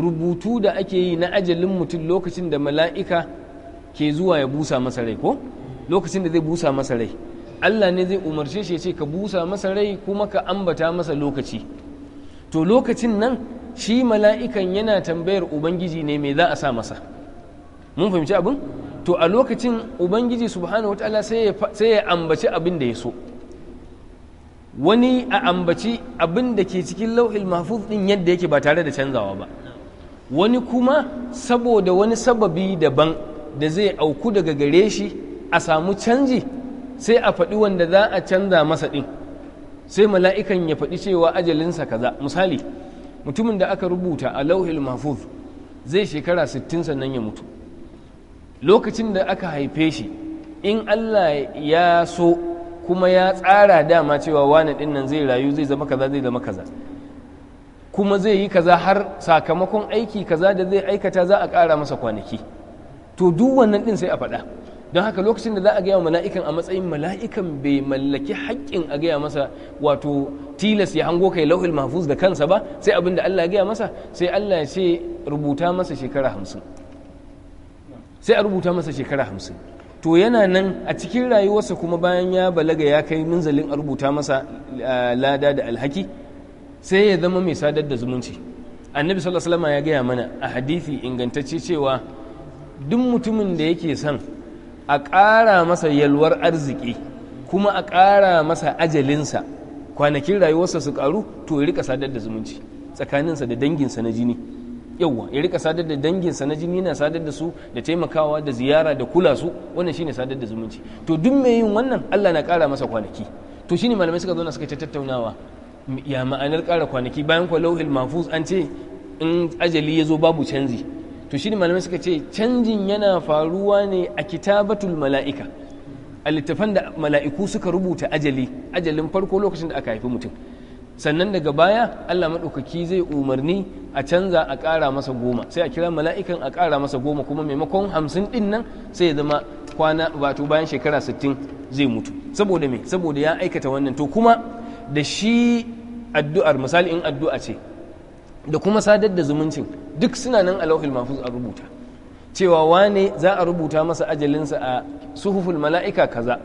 rubutu da ake yi na ajalin mutum lokacin da mala'ika ke zuwa ya busa masa rai ko lokacin da zai busa masa rai Allah ne zai umarce shi ya ce ka busa masa rai kuma ka ambata masa lokaci to lokacin nan shi mala'ikan yana tambayar ubangiji ne mai za a sa masa mun fahimci abin to a lokacin ubangiji subhanahu ta'ala sai ya ambaci abin da ya so wani a ambaci abin da ke cikin lauhil mahfuz din yadda yake ba tare da canzawa ba wani kuma saboda wani sababi daban da zai auku daga gare shi a samu canji sai a faɗi wanda za a canza masa ɗin sai mala'ikan ya faɗi cewa ajalinsa kaza misali mutumin da aka rubuta a lauhil mahfuz zai shekara 60 sannan ya mutu lokacin da aka haife shi in allah ya so kuma ya tsara dama cewa wane ɗin nan zai rayu zai zama kaza zai zama kaza kuma zai yi kaza har sakamakon aiki kaza da zai aikata za a kara masa kwanaki to duk wannan ɗin sai a faɗa don haka lokacin da za a gaya mala'ikan a matsayin mala'ikan bai mallaki haƙƙin a gaya masa wato tilas ya hango kai lauhul mahfuz da kansa ba sai abin da Allah ya gaya masa sai Allah ya ce rubuta masa shekara hamsin sai a rubuta masa shekara hamsin to yana nan a cikin rayuwarsa kuma bayan ya balaga ya kai minzalin a rubuta masa eh, lada da alhaki sai ya zama mai sadar da zumunci annabi sallallahu alaihi ya gaya mana a hadithi ingantacce cewa duk mutumin da yake son a ƙara masa yalwar arziki kuma a ƙara masa ajalinsa kwanakin rayuwarsa su karu to ya rika sadar da zumunci tsakaninsa da danginsa na jini yauwa ya rika sadar da danginsa na jini na sadar da su da taimakawa da ziyara da kula su wannan shine sadar da zumunci to duk mai yin wannan Allah na ƙara masa kwanaki to shine malamai suka zo suka ta tattaunawa ya ma'anar ƙara kwanaki bayan kwa lauhil mafuz an ce in ajali ya zo babu canji to shi ne malamai suka ce canjin yana faruwa ne a kitabatul mala'ika a littafan da mala'iku suka rubuta ajali ajalin farko lokacin da aka haifi mutum sannan daga baya Allah maɗaukaki zai umarni a canza a ƙara masa goma sai a kira mala'ikan a ƙara masa goma kuma maimakon hamsin ɗin nan sai ya zama kwana wato bayan shekara sittin zai mutu saboda me saboda ya aikata wannan to kuma da shi addu'ar misali in addu'a ce da kuma sadar da zumuncin duk suna nan a lauhul a rubuta cewa wane za a rubuta masa ajalinsa a suhuful mala'ika kaza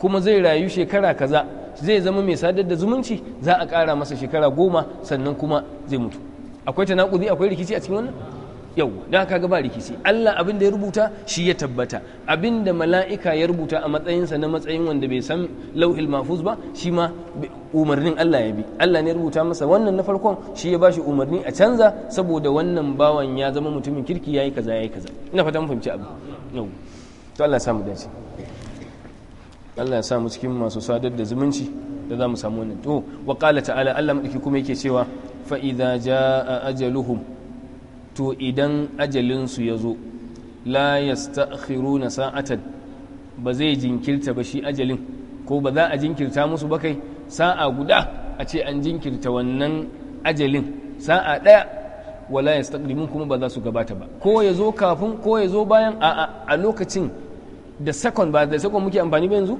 kuma zai rayu shekara kaza zai zama mai sadar da zumunci za a ƙara masa shekara goma sannan kuma zai mutu akwai tanakuzi akwai rikici a cikin wannan yau don haka ga ba rikici Allah abin da ya rubuta shi ya tabbata abin da mala'ika ya rubuta a matsayinsa na matsayin wanda bai san lauhil mafuz ba shi ma umarnin Allah ya bi Allah ne rubuta masa wannan na farkon shi ya bashi umarni a canza saboda wannan bawan ya zama mutumin kirki yayi kaza yayi kaza ina fata mun fahimci abu yau to Allah ya samu dace Allah ya samu cikin masu sadar da zumunci da za mu samu wannan to wa qala ta'ala Allah madaki kuma yake cewa fa idza jaa ajaluhum to idan ajalinsu ya zo la na sa'atan ba zai jinkirta ba shi ajalin ko ba za a jinkirta musu ba kai sa'a guda a ce an jinkirta wannan ajalin sa'a ɗaya wala yastaqdimun kuma ba za su gabata ba ko ya zo kafin ko ya zo bayan a a lokacin da second ba da second muke amfani ba yanzu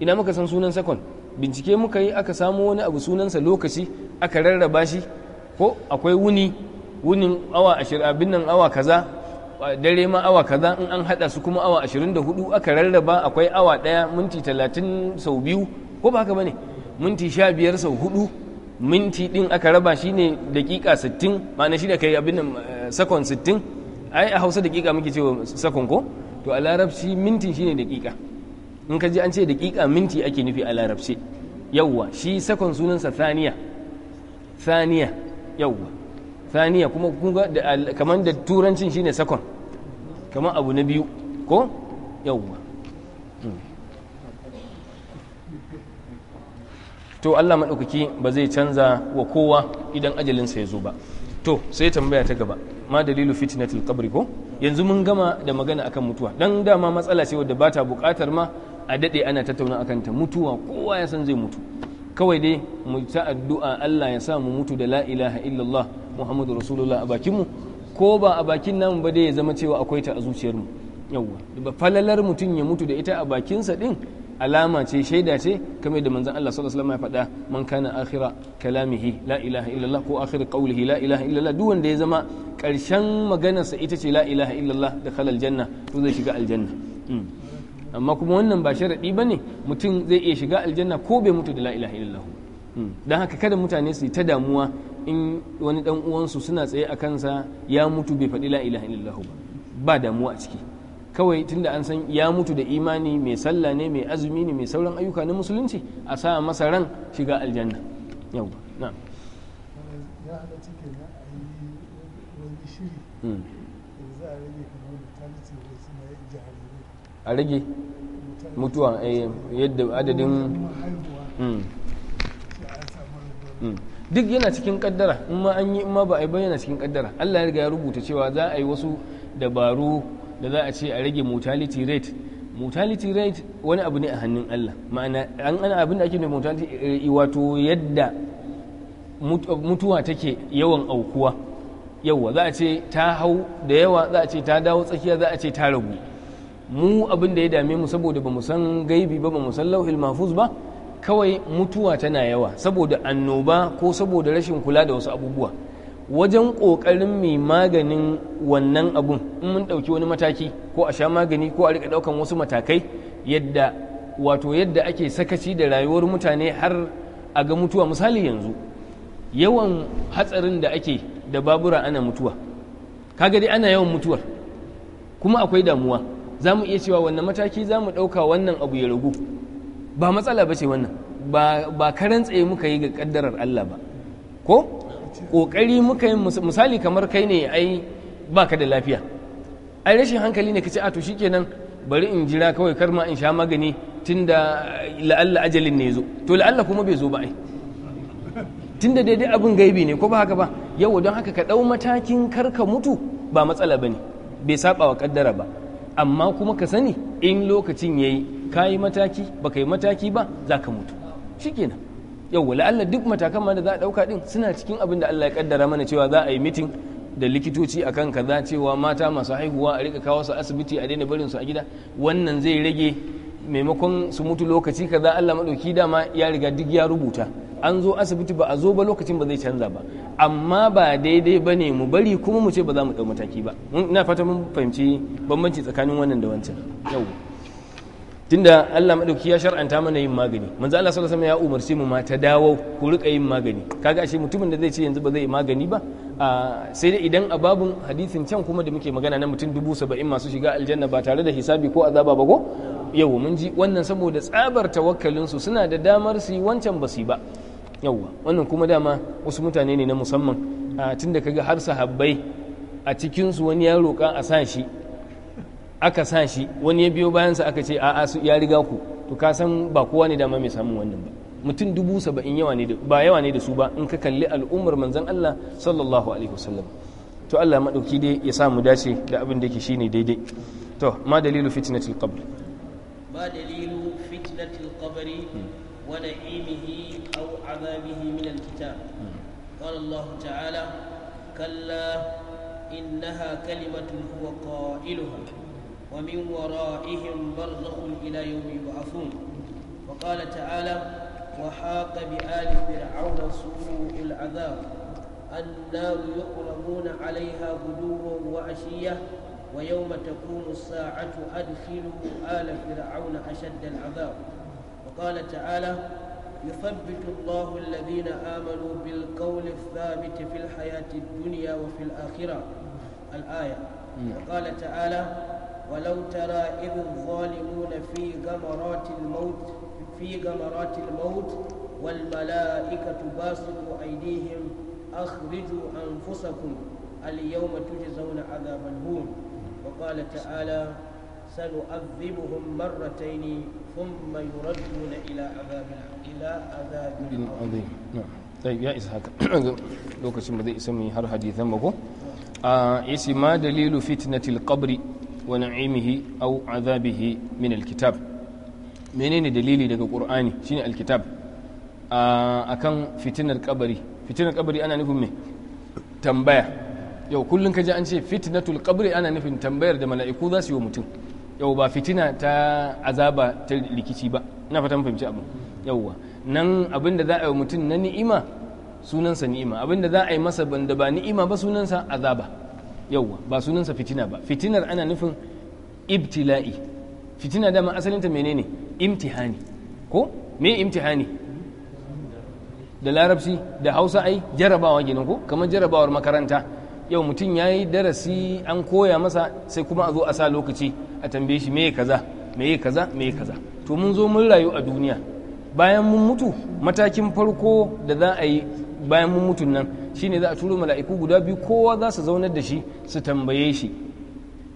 ina muka san sunan second bincike muka yi aka samu wani abu sunansa lokaci aka rarraba shi ko akwai wuni wunin awa ashirin abin nan awa kaza dare ma awa kaza in an hada su kuma awa 24 aka rarraba akwai awa daya minti 30 sau biyu ko ba haka bane minti 15 sau hudu minti din aka raba shine dakika 60 ma'ana shi da kai abin nan eh, sakon 60 ai a Hausa dakika muke cewa sakon ko to a larabci minti shine dakika in ka ji an ce dakika minti ake nufi a larabci yawwa shi sakon sunansa thaniya thaniya yawwa thaniya kuma kunga kamar da turancin shine second kamar abu na biyu ko yawwa hmm. to Allah maɗaukaki ba zai canza wa kowa idan ajalinsa ya zo ba to sai tambaya ta gaba ma dalilu fitnatul qabri ko yanzu mun gama da magana akan mutuwa dan dama matsala ce wadda bata buƙatar ma a dade ana tattauna akan ta mutuwa kowa ya san zai mutu kawai dai mu ta addu'a Allah ya sa mu mutu da la ilaha illallah muhammadu rasulullah a bakinmu ko ba a bakin namu ba dai ya zama cewa akwai ta a zuciyarmu yawwa ba falalar mutum ya mutu da ita a bakinsa din alama ce shaida ce kamar da manzon Allah sallallahu alaihi wasallam ya faɗa man kana akhira kalamihi la ilaha illallah ko akhir qawlihi la ilaha illallah duk wanda ya zama ƙarshen maganarsa ita ce la ilaha illallah da khalal janna to zai shiga aljanna hmm. amma kuma wannan ba sharadi bane mutum zai iya shiga aljanna ko bai mutu da la ilaha illallah hmm. don haka kada mutane su yi ta damuwa in wani dan uwansu suna tsaye a kansa ya mutu bai faɗi la ilaha illallah ba ba damuwa a ciki kawai tunda an san ya mutu da imani mai sallah ne mai azumi ne mai sauran ayyuka na musulunci a sa masa ran shiga aljanna yau na hmm. a rage mutuwa eh, yadda adadin duk yana cikin kaddara in ma an yi ba a yi bayyana cikin kaddara Allah ya riga ya rubuta cewa za a yi wasu dabaru da za a ce a rage mortality rate mortality rate wani abu ne a hannun Allah ma'ana an ana abin da ake ne mortality eh, wato yadda mutuwa take yawan aukuwa yawa za a ce ta hau da yawa za a ce ta dawo tsakiya za a ce ta ragu mu abin da ya dame mu saboda ba mu san gaibi ba ba mu san lauhil mahfuz ba kawai mutuwa tana yawa saboda annoba ko saboda rashin kula da wasu abubuwa wajen ƙoƙarin mai maganin wannan abun in mun ɗauki wani mataki ko a sha magani ko a riƙa ɗaukan wasu matakai yadda wato yadda ake sakaci da rayuwar mutane har a ga mutuwa misali yanzu yawan hatsarin da ake da babura ana mutuwa kaga dai ana yawan mutuwar kuma akwai damuwa za mu iya cewa wannan mataki za mu ɗauka wannan abu ya ragu ba matsala ba ce wannan ba karan tsaye muka yi ga kaddarar Allah ba ko ƙoƙari muka yi misali kamar kai ne ai ka da lafiya ai rashin hankali ne ka ce a to shikenan bari in jira kawai kar ma in sha magani tunda la'alla ajalin ne zo to la'alla kuma bai zo ba ai tunda daidai abin gaibi ne ko ba haka ba yau don haka ka ɗau matakin kar ka mutu ba matsala bane. bai saba wa kaddara ba amma kuma ka sani in lokacin yayi ka yi mataki ba ka yi mataki ba za ka mutu shikenan yau la'alla duk matakan ma da za a ɗauka ɗin suna cikin abin da Allah ya kaddara mana cewa za a yi mitin da likitoci akan kaza cewa mata masu haihuwa a rika kawo su asibiti a daina barin su a gida wannan zai rage maimakon su mutu lokaci kaza Allah madauki dama ya riga duk ya rubuta an zo asibiti ba a zo ba lokacin ba zai canza ba amma ba daidai ba ne mu bari kuma mu ce ba za mu ɗau mataki ba na fata mun fahimci bambanci tsakanin wannan da wancan yau tunda Allah madauki ya shar'anta mana yin magani manzo Allah sallallahu alaihi wasallam ya umarce mu ma ta dawo ku rika yin magani kaga ashe mutumin da zai ce yanzu ba zai yi magani ba sai dai idan a babun hadisin can kuma da muke magana na mutum dubu saba'in masu shiga aljanna ba tare da hisabi ko azaba ba ko yau mun ji wannan saboda tsabar tawakkalin su suna da damar su yi wancan ba yi ba yauwa wannan kuma dama wasu mutane ne na musamman tunda kaga har sahabbai a cikinsu wani ya roka a sa shi aka sa shi wani ya biyo bayansa aka ce a'a su ya riga ku to ka san ba kowa ne dama mai samun wannan ba mutum dubu saba'in yawa ne ba yawa ne da su ba in ka kalli al'ummar manzon Allah sallallahu alaihi wasallam to Allah madauki dai ya sa mu dace da abin da yake shine daidai to ma dalilu fitnatul qabr ma dalilu fitnatul qabri wa na'imihi aw azabihi min al-kitab qala Allah ta'ala kalla innaha kalimatun huwa qailuha ومن ورائهم برزخ إلى يوم يبعثون وقال تعالى وحاق بآل فرعون سوء العذاب النار يقربون عليها غدوا وعشية ويوم تكون الساعة أدخلوا آل فرعون أشد العذاب وقال تعالى يثبت الله الذين آمنوا بالقول الثابت في الحياة الدنيا وفي الآخرة الآية نعم. وقال تعالى ولو ترى إذ الظالمون في غمرات الموت في غمرات الموت والملائكة باسطوا أيديهم أخرجوا أنفسكم اليوم تجزون عذاب الهون وقال تعالى سنؤذبهم مرتين ثم يردون إلى عذاب إلى عذاب عظيم نعم. طيب يا إسحاق لو بدي اسمي هر حديثا مكو آه اسم ما دليل فتنة القبر wa na'imihi aw azabihi min alkitab menene dalili daga qur'ani shine alkitab akan fitinar kabari fitinar kabari ana nufin me tambaya yau kullun kaji an ce fitnatul kabari ana nufin tambayar da mala'iku za su yi wa mutum yau ba fitina ta azaba ta rikici ba ina fatan fahimci abu yauwa nan abin da za a yi mutum na ni'ima sunansa ni'ima abin da za a yi masa banda ba ni'ima ba sunansa azaba yauwa ba sunansa fitina ba fitinar ana nufin ibtila'i fitina dama asalinta menene imtihani ko me imtihani da larabci da hausa ai jarabawa ginin ko kamar jarabawar makaranta yau mutum ya yi darasi an koya masa sai kuma a zo a sa lokaci a tambaye shi me kaza me kaza me kaza to mun zo mun rayu a duniya bayan mun mutu matakin farko da za a yi bayan mun mutun nan shine za a turo mala'iku guda biyu kowa za su zaunar da shi su tambaye shi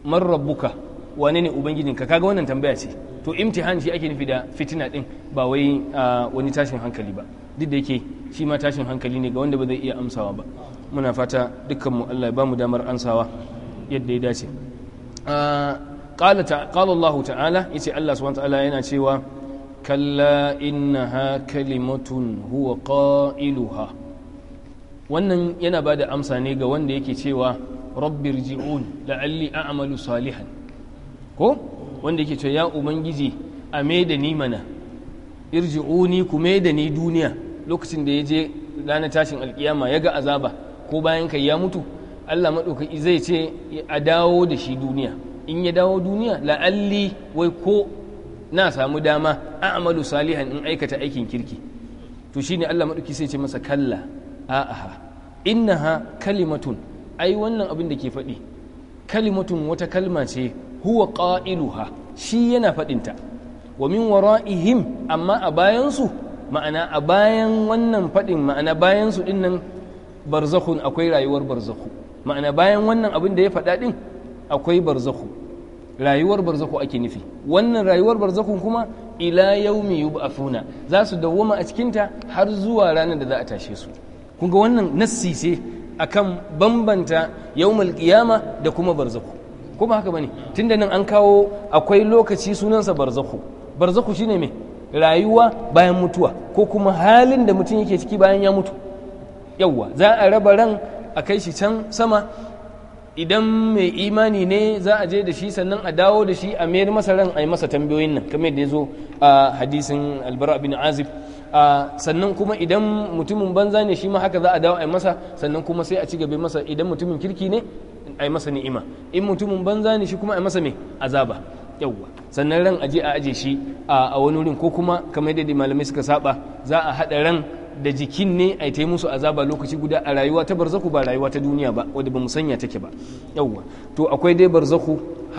man rabbuka wane ne ubangijinka kaga wannan tambaya ce to imtihan shi ake nufi da fitina din ba wai wani tashin hankali ba duk da yake shi ma tashin hankali ne ga wanda ba zai iya amsawa ba muna fata dukkanmu Allah ya bamu damar amsawa yadda ya dace qala Allah ta'ala yace Allah subhanahu ta'ala yana cewa kalla innaha kalimatun huwa qailuha wannan yana ba da amsa ne ga wanda yake cewa rabbir ji'un la'alli a'malu salihan ko wanda yake cewa ya ubangiji a da ni mana irji'uni ku da ni duniya lokacin da ya je ranar tashin alkiyama ya ga azaba ko bayan kai ya mutu Allah maɗaukaki zai ce a dawo da shi duniya in ya dawo duniya la'alli wai ko na samu dama a'malu salihan in aikata aikin kirki to shine Allah maɗaukaki sai ce masa kalla a'a innaha kalimatun ai wannan abin da ke faɗi kalimatun wata kalma ce huwa qailuha shi yana faɗinta wa min wara'ihim amma a bayansu ma'ana a bayan wannan faɗin ma'ana bayansu ɗin nan barzakhun akwai rayuwar barzakhu ma'ana bayan wannan abin da ya faɗa ɗin akwai barzakhu rayuwar barzakhu ake nufi wannan rayuwar barzakhun kuma ila yaumi yub'athuna za su dawwama a cikinta har zuwa ranar da za a tashe su kunga wannan nassi ce akan bambanta yawmal qiyama da kuma barzaku ko ba haka bane tunda nan an kawo akwai lokaci sunansa barzaku barzaku shine me rayuwa bayan mutuwa ko kuma halin da mutum yake ciki bayan ya mutu yawwa za a raba ran a kai shi can sama idan mai imani ne za a je da shi sannan a dawo da shi a mayar masa ran a yi masa tambayoyin nan kamar da ya zo a hadisin albara bin azib sannan kuma idan mutumin banza ne shi ma haka za a dawo a masa sannan kuma sai a ci gaba masa idan mutumin kirki ne a masa ni'ima in mutumin banza ne shi kuma a masa mai azaba yawwa sannan ran aje a aje shi a wani wurin ko kuma kamar yadda malamai suka saba za a haɗa ran da jikin ne a yi musu azaba lokaci guda a rayuwa ta barzaku ba rayuwa ta duniya ba wadda ba musanya take ba yawwa to akwai dai barzaku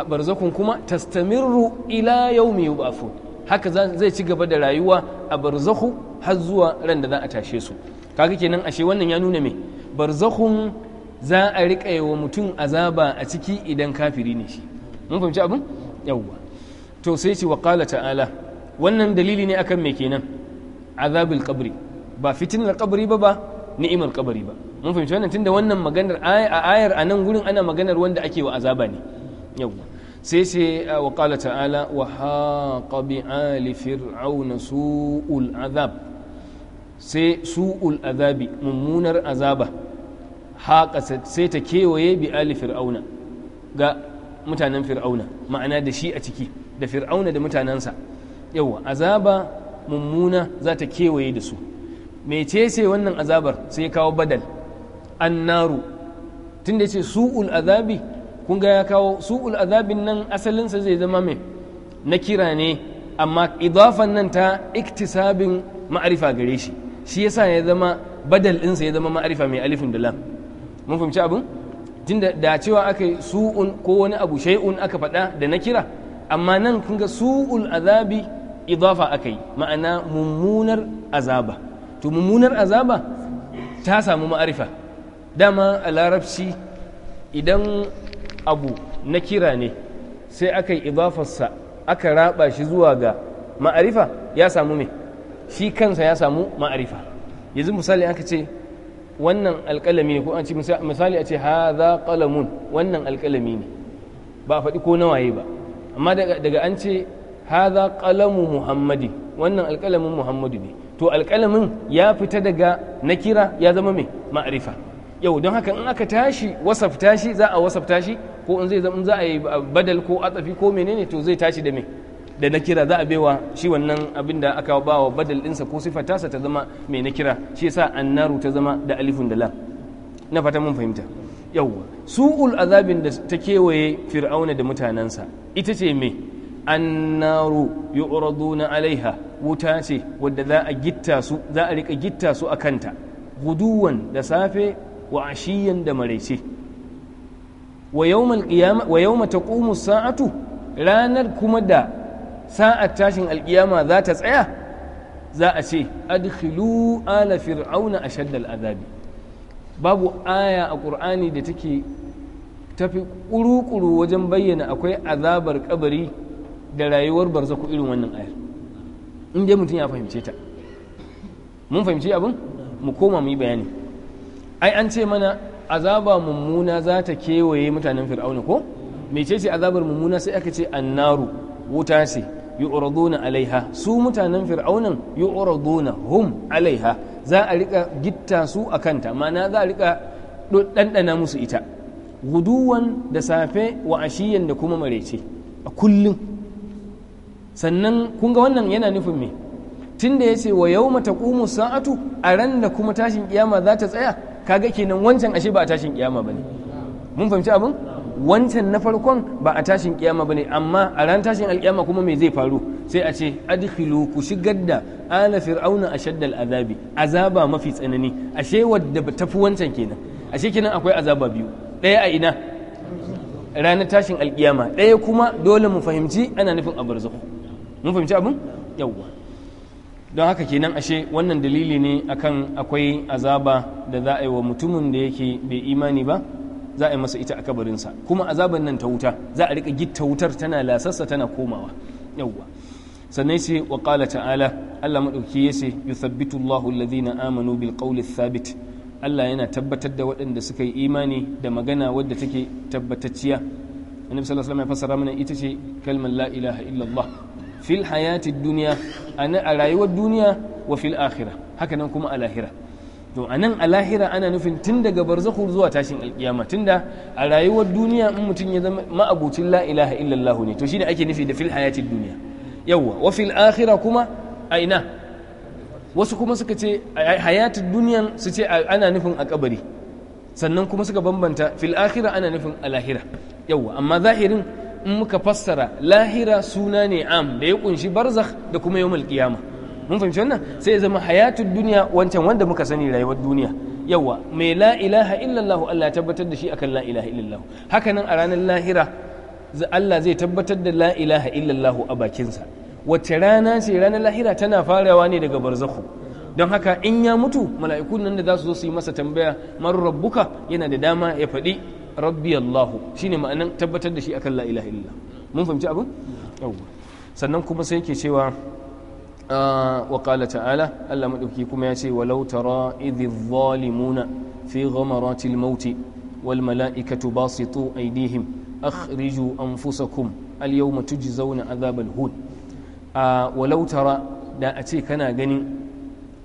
barzakun kuma tastamirru ila yaumi yub'athun haka zai ci gaba da rayuwa a barzahu har zuwa ran da za a tashe su kaga kenan ashe wannan ya nuna me barzahun za a riƙa wa mutum azaba a ciki idan kafiri ne shi mun fahimci abin yawwa to sai ce wa qala ta'ala wannan dalili ne akan me kenan azabil qabri ba fitinar qabri ba ba ni'imar qabri ba mun fahimci wannan tunda wannan maganar a ayar a nan gurin ana maganar wanda ake wa azaba ne yawwa sai sai eh, wa qala ta'ala wa haqa bi ali fir'auna su'ul azab sai su'ul azabi mummunar azaba haqa sai ta kewaye bi ali fir'auna ga mutanen fir'auna ma'ana da shi a ciki da fir'auna da mutanensa yawa azaba mummuna za ta kewaye da su ce wannan azabar sai kawo badal annaru tun da ce su'ul azabi kun ga ya kawo su'ul azabin nan asalinsa zai zama mai na kira ne amma idafan nan ta iktisabin ma'arifa gare shi shi yasa ya zama badal ɗinsa ya zama ma'arifa mai alifin da lam mun fahimci abin tunda da cewa aka su'un ko wani abu shaiun aka faɗa da na kira amma nan kun ga su'ul azabi idafa aka yi ma'ana mummunar azaba to mummunar azaba ta samu ma'arifa dama a larabci idan abu na kira ne sai aka yi idafarsa aka raba shi zuwa ga ma'arifa ya samu me shi kansa ya samu ma'arifa yanzu misali aka ce wannan alƙalami ne ko an ce misali a ce haza kalamun wannan alƙalami ne ba a faɗi ko na waye ba amma daga an ce haza kalamu muhammadi wannan alƙalamin muhammadu ne to alƙalamin ya fita daga na kira ya zama me ma'arifa yau don haka in aka tashi wasafta tashi za a wasafta shi ko in zai zama za a yi badal ko atsafi ko menene to zai tashi da me da na kira za a baiwa shi wannan abin da aka ba wa badal ɗinsa ko sifar tasa ta zama mai na kira shi yasa annaru ta zama da alifun da lam na fata mun fahimta yawwa su'ul azabin da ta kewaye fir'auna da mutanensa ita ce me annaru yu'raduna alaiha wuta ce wadda za a gitta su za a rika gitta su a kanta guduwan da safe wa ashiyan da maraice wa yawma sa'atu ranar kuma da sa'ar tashin alkiyama za ta tsaya za a ce adkhilu ala fir'auna ashadda azabi babu aya a ƙur'ani da take tafi ƙuruƙuru wajen bayyana akwai azabar kabari da rayuwar barzaku irin wannan ayar in mutum ya fahimce ta mun fahimci abin mu koma mu yi bayani ai an ce mana azaba mummuna za ta kewaye mutanen fir'auna ko mece ce azabar mummuna sai aka ce annaru wuta ce yu'raduna alaiha su mutanen fir'aunan yu'raduna hum alaiha za a rika gitta su a kanta ma'ana za a rika ɗanɗana musu ita guduwan da safe wa ashiyan da kuma marece a kullum sannan kun ga wannan yana nufin me tunda ce wa mata taqumu sa'atu a ran da kuma tashin kiyama za ta tsaya kaga kenan wancan ashe ba a tashin kiyama bane mun fahimci abin wancan na farkon ba a tashin kiyama bane amma a ran tashin alkiyama kuma me zai faru sai a ce adkhilu ku shigar da ala fir'auna ashaddal azabi azaba mafi tsanani ashe wadda tafi wancan kenan ashe kenan akwai azaba biyu ɗaya a ina ranar tashin alkiyama ɗaya kuma dole mu fahimci ana nufin a mun fahimci abin yawwa don haka kenan ashe wannan dalili ne akan akwai azaba da za a yi wa mutumin da yake bai imani ba za a yi masa ita a kabarinsa kuma azaban nan ta wuta za a rika gitta wutar tana lasassa tana komawa yawwa sannan sai wa ta'ala Allah madauki yace yuthabbitu Allahu alladhina amanu bil qawli thabit Allah yana tabbatar da waɗanda suka yi imani da magana wadda take tabbatacciya annabi sallallahu alaihi wasallam ya fassara mana ita ce kalmar la ilaha illallah fil duniya a rayuwar duniya wa fil akhira haka nan kuma a lahira to a nan a lahira ana nufin tun daga barzakhur zuwa tashin alkiyama tunda a rayuwar duniya in mutum ya zama ma'abucin la ilaha illallah ne to shine ake nufi da fil hayati duniya yawwa wa fil kuma a ina wasu kuma suka ce hayatin duniya su ce ana nufin a kabari sannan kuma suka bambanta fil akhira ana nufin a lahira yawwa amma zahirin in muka fassara lahira suna ne am da ya kunshi barzakh da kuma yawmul qiyama mun fahimci wannan sai ya zama hayatud duniya wancan wanda muka sani rayuwar duniya yawa mai la ilaha illallah Allah ya tabbatar da shi akan la ilaha illallah hakanan a ranar lahira Allah zai tabbatar da la ilaha illallah a bakinsa wacce rana ce ranar lahira tana farawa ne daga barzakhu don haka in ya mutu mala'iku nan da za su zo su yi masa tambaya man rabbuka yana da dama ya faɗi rabbiyallahu ne ma'anan tabbatar da shi akan la ilaha illa mun fahimci abin yawwa sannan kuma sai yake cewa ah, wa qala ta'ala Allah madauki kuma ya ce walau tara idh zalimuna fi ghamaratil mauti wal mala'ikatu basitu aydihim akhriju anfusakum al yawma tujzauna azabal hun ah, walau tara da a ce kana ganin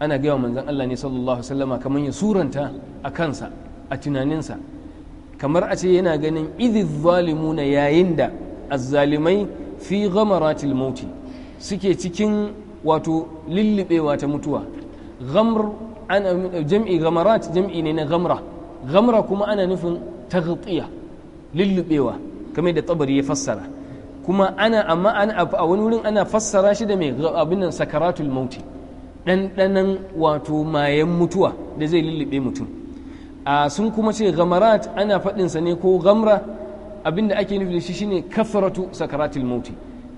ana gaya manzon Allah ne sallallahu alaihi wasallama kamar ya suranta a kansa a tunaninsa kamar a ce yana ganin idhiz zalimuna yayin da azzalimai fi ghamaratil mauti suke cikin wato lillibewa ta mutuwa ghamr ana jam'i ghamarat jam'i ne na ghamra ghamra kuma ana nufin taghtiya lillibewa kamar da tsabari ya fassara kuma ana amma ana a wani wurin ana fassara shi da mai abin nan sakaratul mauti ɗanɗanan wato mayan mutuwa da zai lullube mutum a sun kuma ce gamarat ana faɗinsa ne ko gamra abinda ake nufi da shi shine kafaratu sakaratul mauti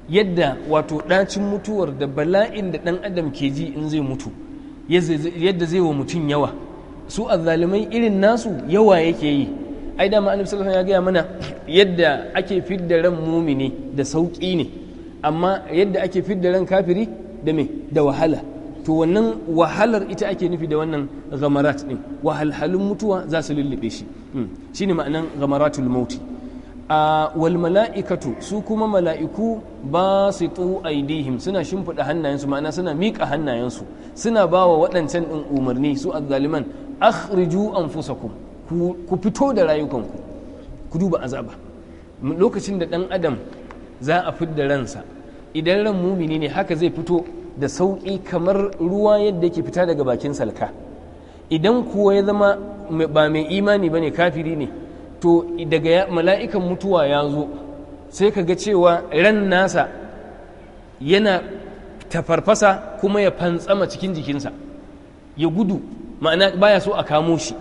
yadda wato ɗacin mutuwar da bala'in da ɗan adam ke ji in zai mutu yadda zai wa mutum yawa su azzalimai irin nasu yawa yake yi ai da annabi sallallahu ya gaya mana yadda ake fidda ran mumini da sauki ne amma yadda ake fidda ran kafiri da me da wahala to wannan wahalar ita ake nufi da wannan ghamarat din wahalhalun mutuwa za su lullube shi hmm. shine ma'anan ghamaratul mauti a wal mala'ikatu su kuma mala'iku ba su tu aidihim suna shimfiɗa hannayensu ma'ana suna miƙa hannayensu suna ba wa waɗancan ɗin umarni su azzaliman akhriju anfusakum ku fito da rayukanku ku duba azaba lokacin da ɗan adam za a fidda ransa idan ran mumini ne haka zai fito da sauƙi kamar ruwa yadda yake fita daga bakin salka idan kuwa ya zama ba mai imani ba ne kafiri ne to daga mala'ikan mutuwa ya zo sai ka ga cewa ran nasa yana tafarfasa kuma ya fantsama cikin jikinsa ya gudu ma'ana baya so a kamo shi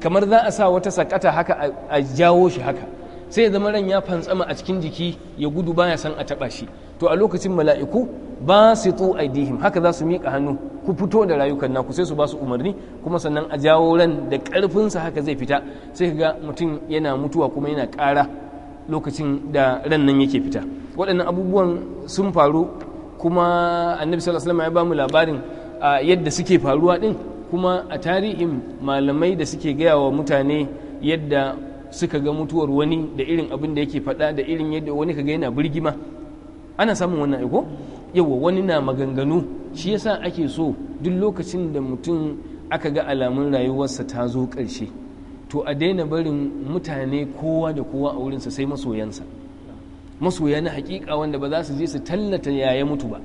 kamar za a sa wata sakata haka a jawo shi haka sai ya zama ran ya fantsama a cikin jiki ya gudu baya son a taɓa shi to a lokacin mala'iku ba su tsu aidihim haka za su miƙa hannu ku fito da rayukan naku sai su ba su umarni kuma sannan a jawo ran da ƙarfinsa haka zai fita sai ka ga mutum yana mutuwa kuma yana ƙara lokacin da ran nan yake fita waɗannan abubuwan sun faru kuma annabi sallallahu ya ba mu labarin yadda suke faruwa din kuma a tarihin malamai da suke gaya wa mutane yadda suka ga mutuwar wani da irin abin da yake faɗa da irin yadda wani kaga yana birgima ana samun wannan aiko yawa wani na maganganu shi yasa ake so duk lokacin da mutum aka ga alamun rayuwarsa ta zo ƙarshe to a daina barin mutane kowa da kowa a wurinsa sai masoyansa masoya na hakika wanda ba za su je su tallata yaya mutu ba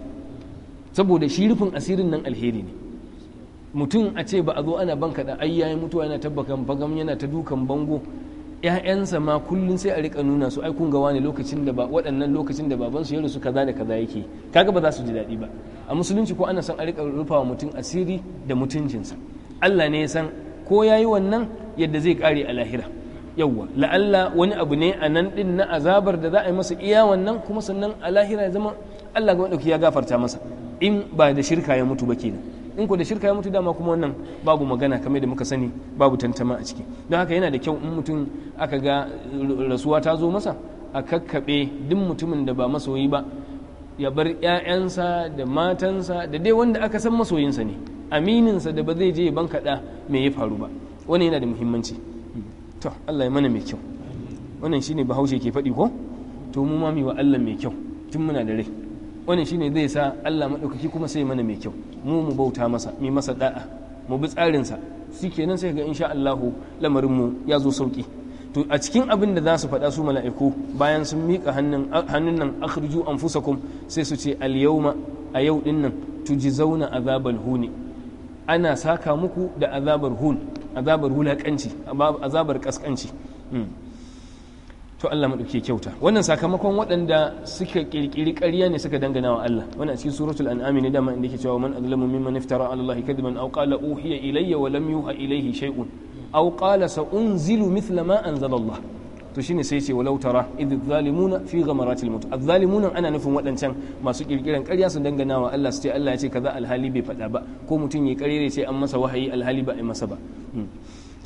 saboda shi rufin asirin nan alheri ne mutum a ce ba a zo ana banka da ai mutuwa yana tabbakan bagam yana ta dukan bango 'ya'yansa ma kullum sai a rika nuna su aikun gawa ne lokacin da ba waɗannan lokacin da baban su ya rusu kaza da kaza yake kaga ba za su ji daɗi ba a musulunci ko ana son a rika rufawa mutum asiri da mutuncinsa Allah ne ya san ko yi wannan yadda zai kare a lahira yawwa la'alla wani abu ne a nan din na azabar da za a yi masa iya wannan kuma sannan a lahira ya zama Allah ga ya gafarta masa in ba da shirka ya mutu ba kenan in ku da shirka ya mutu dama kuma wannan babu magana kamar da muka sani babu tantama a ciki don haka yana da kyau in mutum aka ga rasuwa ta zo masa a kakkaɓe duk mutumin da ba masoyi ba ya bar 'ya'yansa da matansa da dai wanda aka san masoyinsa ne amininsa da ba zai je ban kaɗa me ya faru ba wani yana da muhimmanci to Allah ya mana mai kyau wannan shine bahaushe ke faɗi ko to mu ma wa Allah mai kyau tun muna da rai wannan shine zai sa Allah maɗaukaki kuma sai mana mai kyau mu mu bauta masa mu masa da'a mu bi tsarinsa kenan sai ga insha Allah lamarin mu ya zo sauƙi to a cikin abin da za su faɗa su mala'iku bayan sun miƙa hannun nan akhriju anfusakum sai su ce al yawma a yau din nan a azabal huni ana saka muku da azabar hun azabar azabar kaskanci hmm. to Allah maɗauki kyauta wannan sakamakon waɗanda suka ƙirƙiri ƙarya ne suka dangana wa Allah wannan a cikin suratul an'am ne dama inda yake cewa man azlamu mimman iftara ala Allah kadiban aw qala uhiya ilayya wa lam yuha ilayhi shay'un aw qala sa unzilu mithla ma anzalallah to shine sai ce walau tara idh zalimuna fi ghamaratil maut azzalimuna ana nufin waɗancan masu ƙirƙiran ƙarya su dangana wa Allah su ce Allah ya ce kaza alhali bai faɗa ba ko mutum ya ƙarya ya ce an masa wahayi alhali ba a masa ba hmm.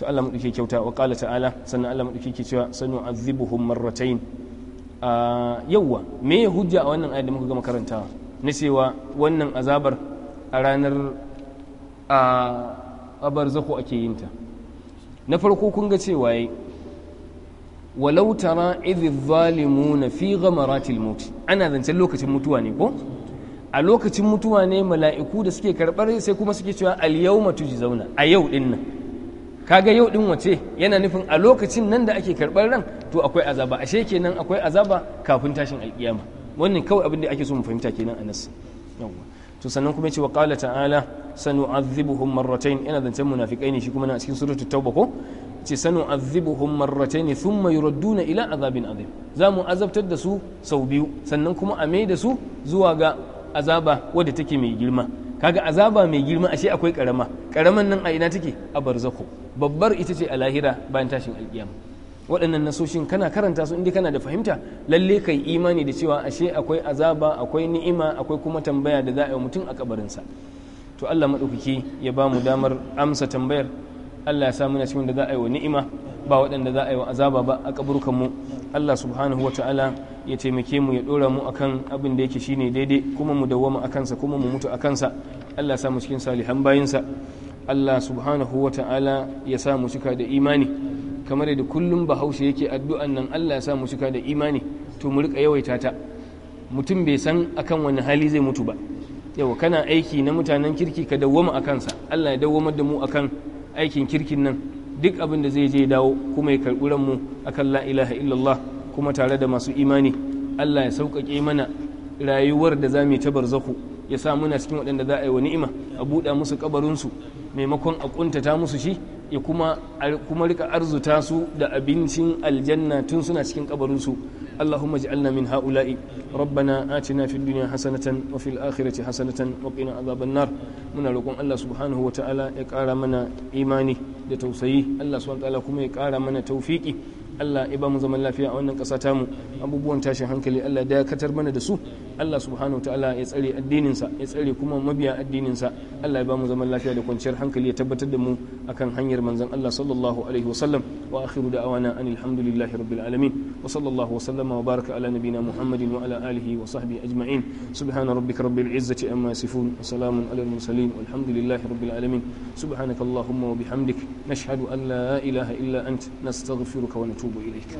to Allah mu dake kyauta wa qala ta'ala sannan Allah mu ke cewa sanu azibuhum marratayn yawwa me ya hujja a wannan ayat da muka gama karantawa na cewa wannan azabar a ranar abar zako ake yin ta na farko kun ga cewa yi walau tara idh zalimuna fi ghamaratil maut ana zancen lokacin mutuwa ne ko a lokacin mutuwa ne mala'iku da suke karbar sai kuma suke cewa al yawma tujzauna a yau din nan kaga yau din wace yana nufin a lokacin nan da ake karɓar ran to akwai azaba ashe kenan akwai azaba kafin tashin alkiyama wannan kawai abin da ake so mu fahimta kenan a nas to sannan kuma yace wa qala ta'ala sanu'adhibuhum marratayn yana zancen munafikai ne shi kuma na cikin suratul tauba ko yace sanu'adhibuhum marratayn thumma yuradduna ila azabin azim zamu azabtar da su sau biyu sannan kuma a mai da su zuwa ga azaba wadda take mai girma kaga azaba mai girma ashe akwai karama karaman nan a ina take a barzako babbar ita ce a lahira bayan tashin alkiyama waɗannan nasoshin kana karanta su inda kana da fahimta lalle kai imani da cewa ashe akwai azaba akwai ni'ima akwai kuma tambaya da za a yi mutum a kabarinsa to Allah maɗaukaki ya ba mu damar amsa tambayar Allah ya samu na cikin da za a yi wa ni'ima ba waɗanda za a yi wa azaba ba a mu. Allah subhanahu wa ta'ala ya taimake mu ya dora mu akan abin da yake shine daidai kuma mu dawwama akansa kuma mu mutu akansa Allah sa mu cikin salihan sa Allah subhanahu wa ta'ala ya sa mu cika da imani kamar yadda kullum bahaushe yake addu'an nan Allah ya sa mu cika da imani to mu rika yawaita ta mutum bai san akan wani hali zai mutu ba yawa kana aiki na mutanen kirki ka dawwama akansa Allah ya dawwamar da mu akan aikin kirkin nan duk abin da zai je dawo kuma ya karɓi mu akan la ilaha illallah kuma tare da masu imani allah ya sauƙaƙe mana rayuwar da za mu ta barzahu ya sa muna cikin waɗanda za a yi wa ni'ima a buɗa musu kabarinsu maimakon a ƙuntata musu shi ya kuma kuma rika arzuta su da abincin aljanna tun suna cikin kabarinsu allahumma ji'alna min ha'ula'i rabbana atina fid dunya hasanatan wa fil akhirati hasanatan wa qina azaban nar muna roƙon allah subhanahu wa ta'ala ya kara mana imani da tausayi allah subhanahu wa ta'ala kuma ya kara mana tawfiqi Allah ya ba mu zaman lafiya a wannan ƙasa tamu abubuwan tashin hankali Allah dakatar mana da su Allah subhanahu wa ta'ala ya tsare addinin sa ya tsare kuma mabiya addinin sa Allah ya ba mu zaman lafiya da kwanciyar hankali ya tabbatar da mu akan hanyar manzon Allah sallallahu alaihi wa sallam wa akhiru awana anil hamdulillahi rabbil alamin wa sallallahu wa wa baraka ala nabina Muhammadin wa ala alihi wa sahbihi ajma'in subhana rabbika rabbil izzati amma yasifun wa salamun ala mursalin walhamdulillahi rabbil alamin subhanakallahumma wa bihamdik nashhadu an la ilaha illa ant nastaghfiruka wa natubu 我也没听懂。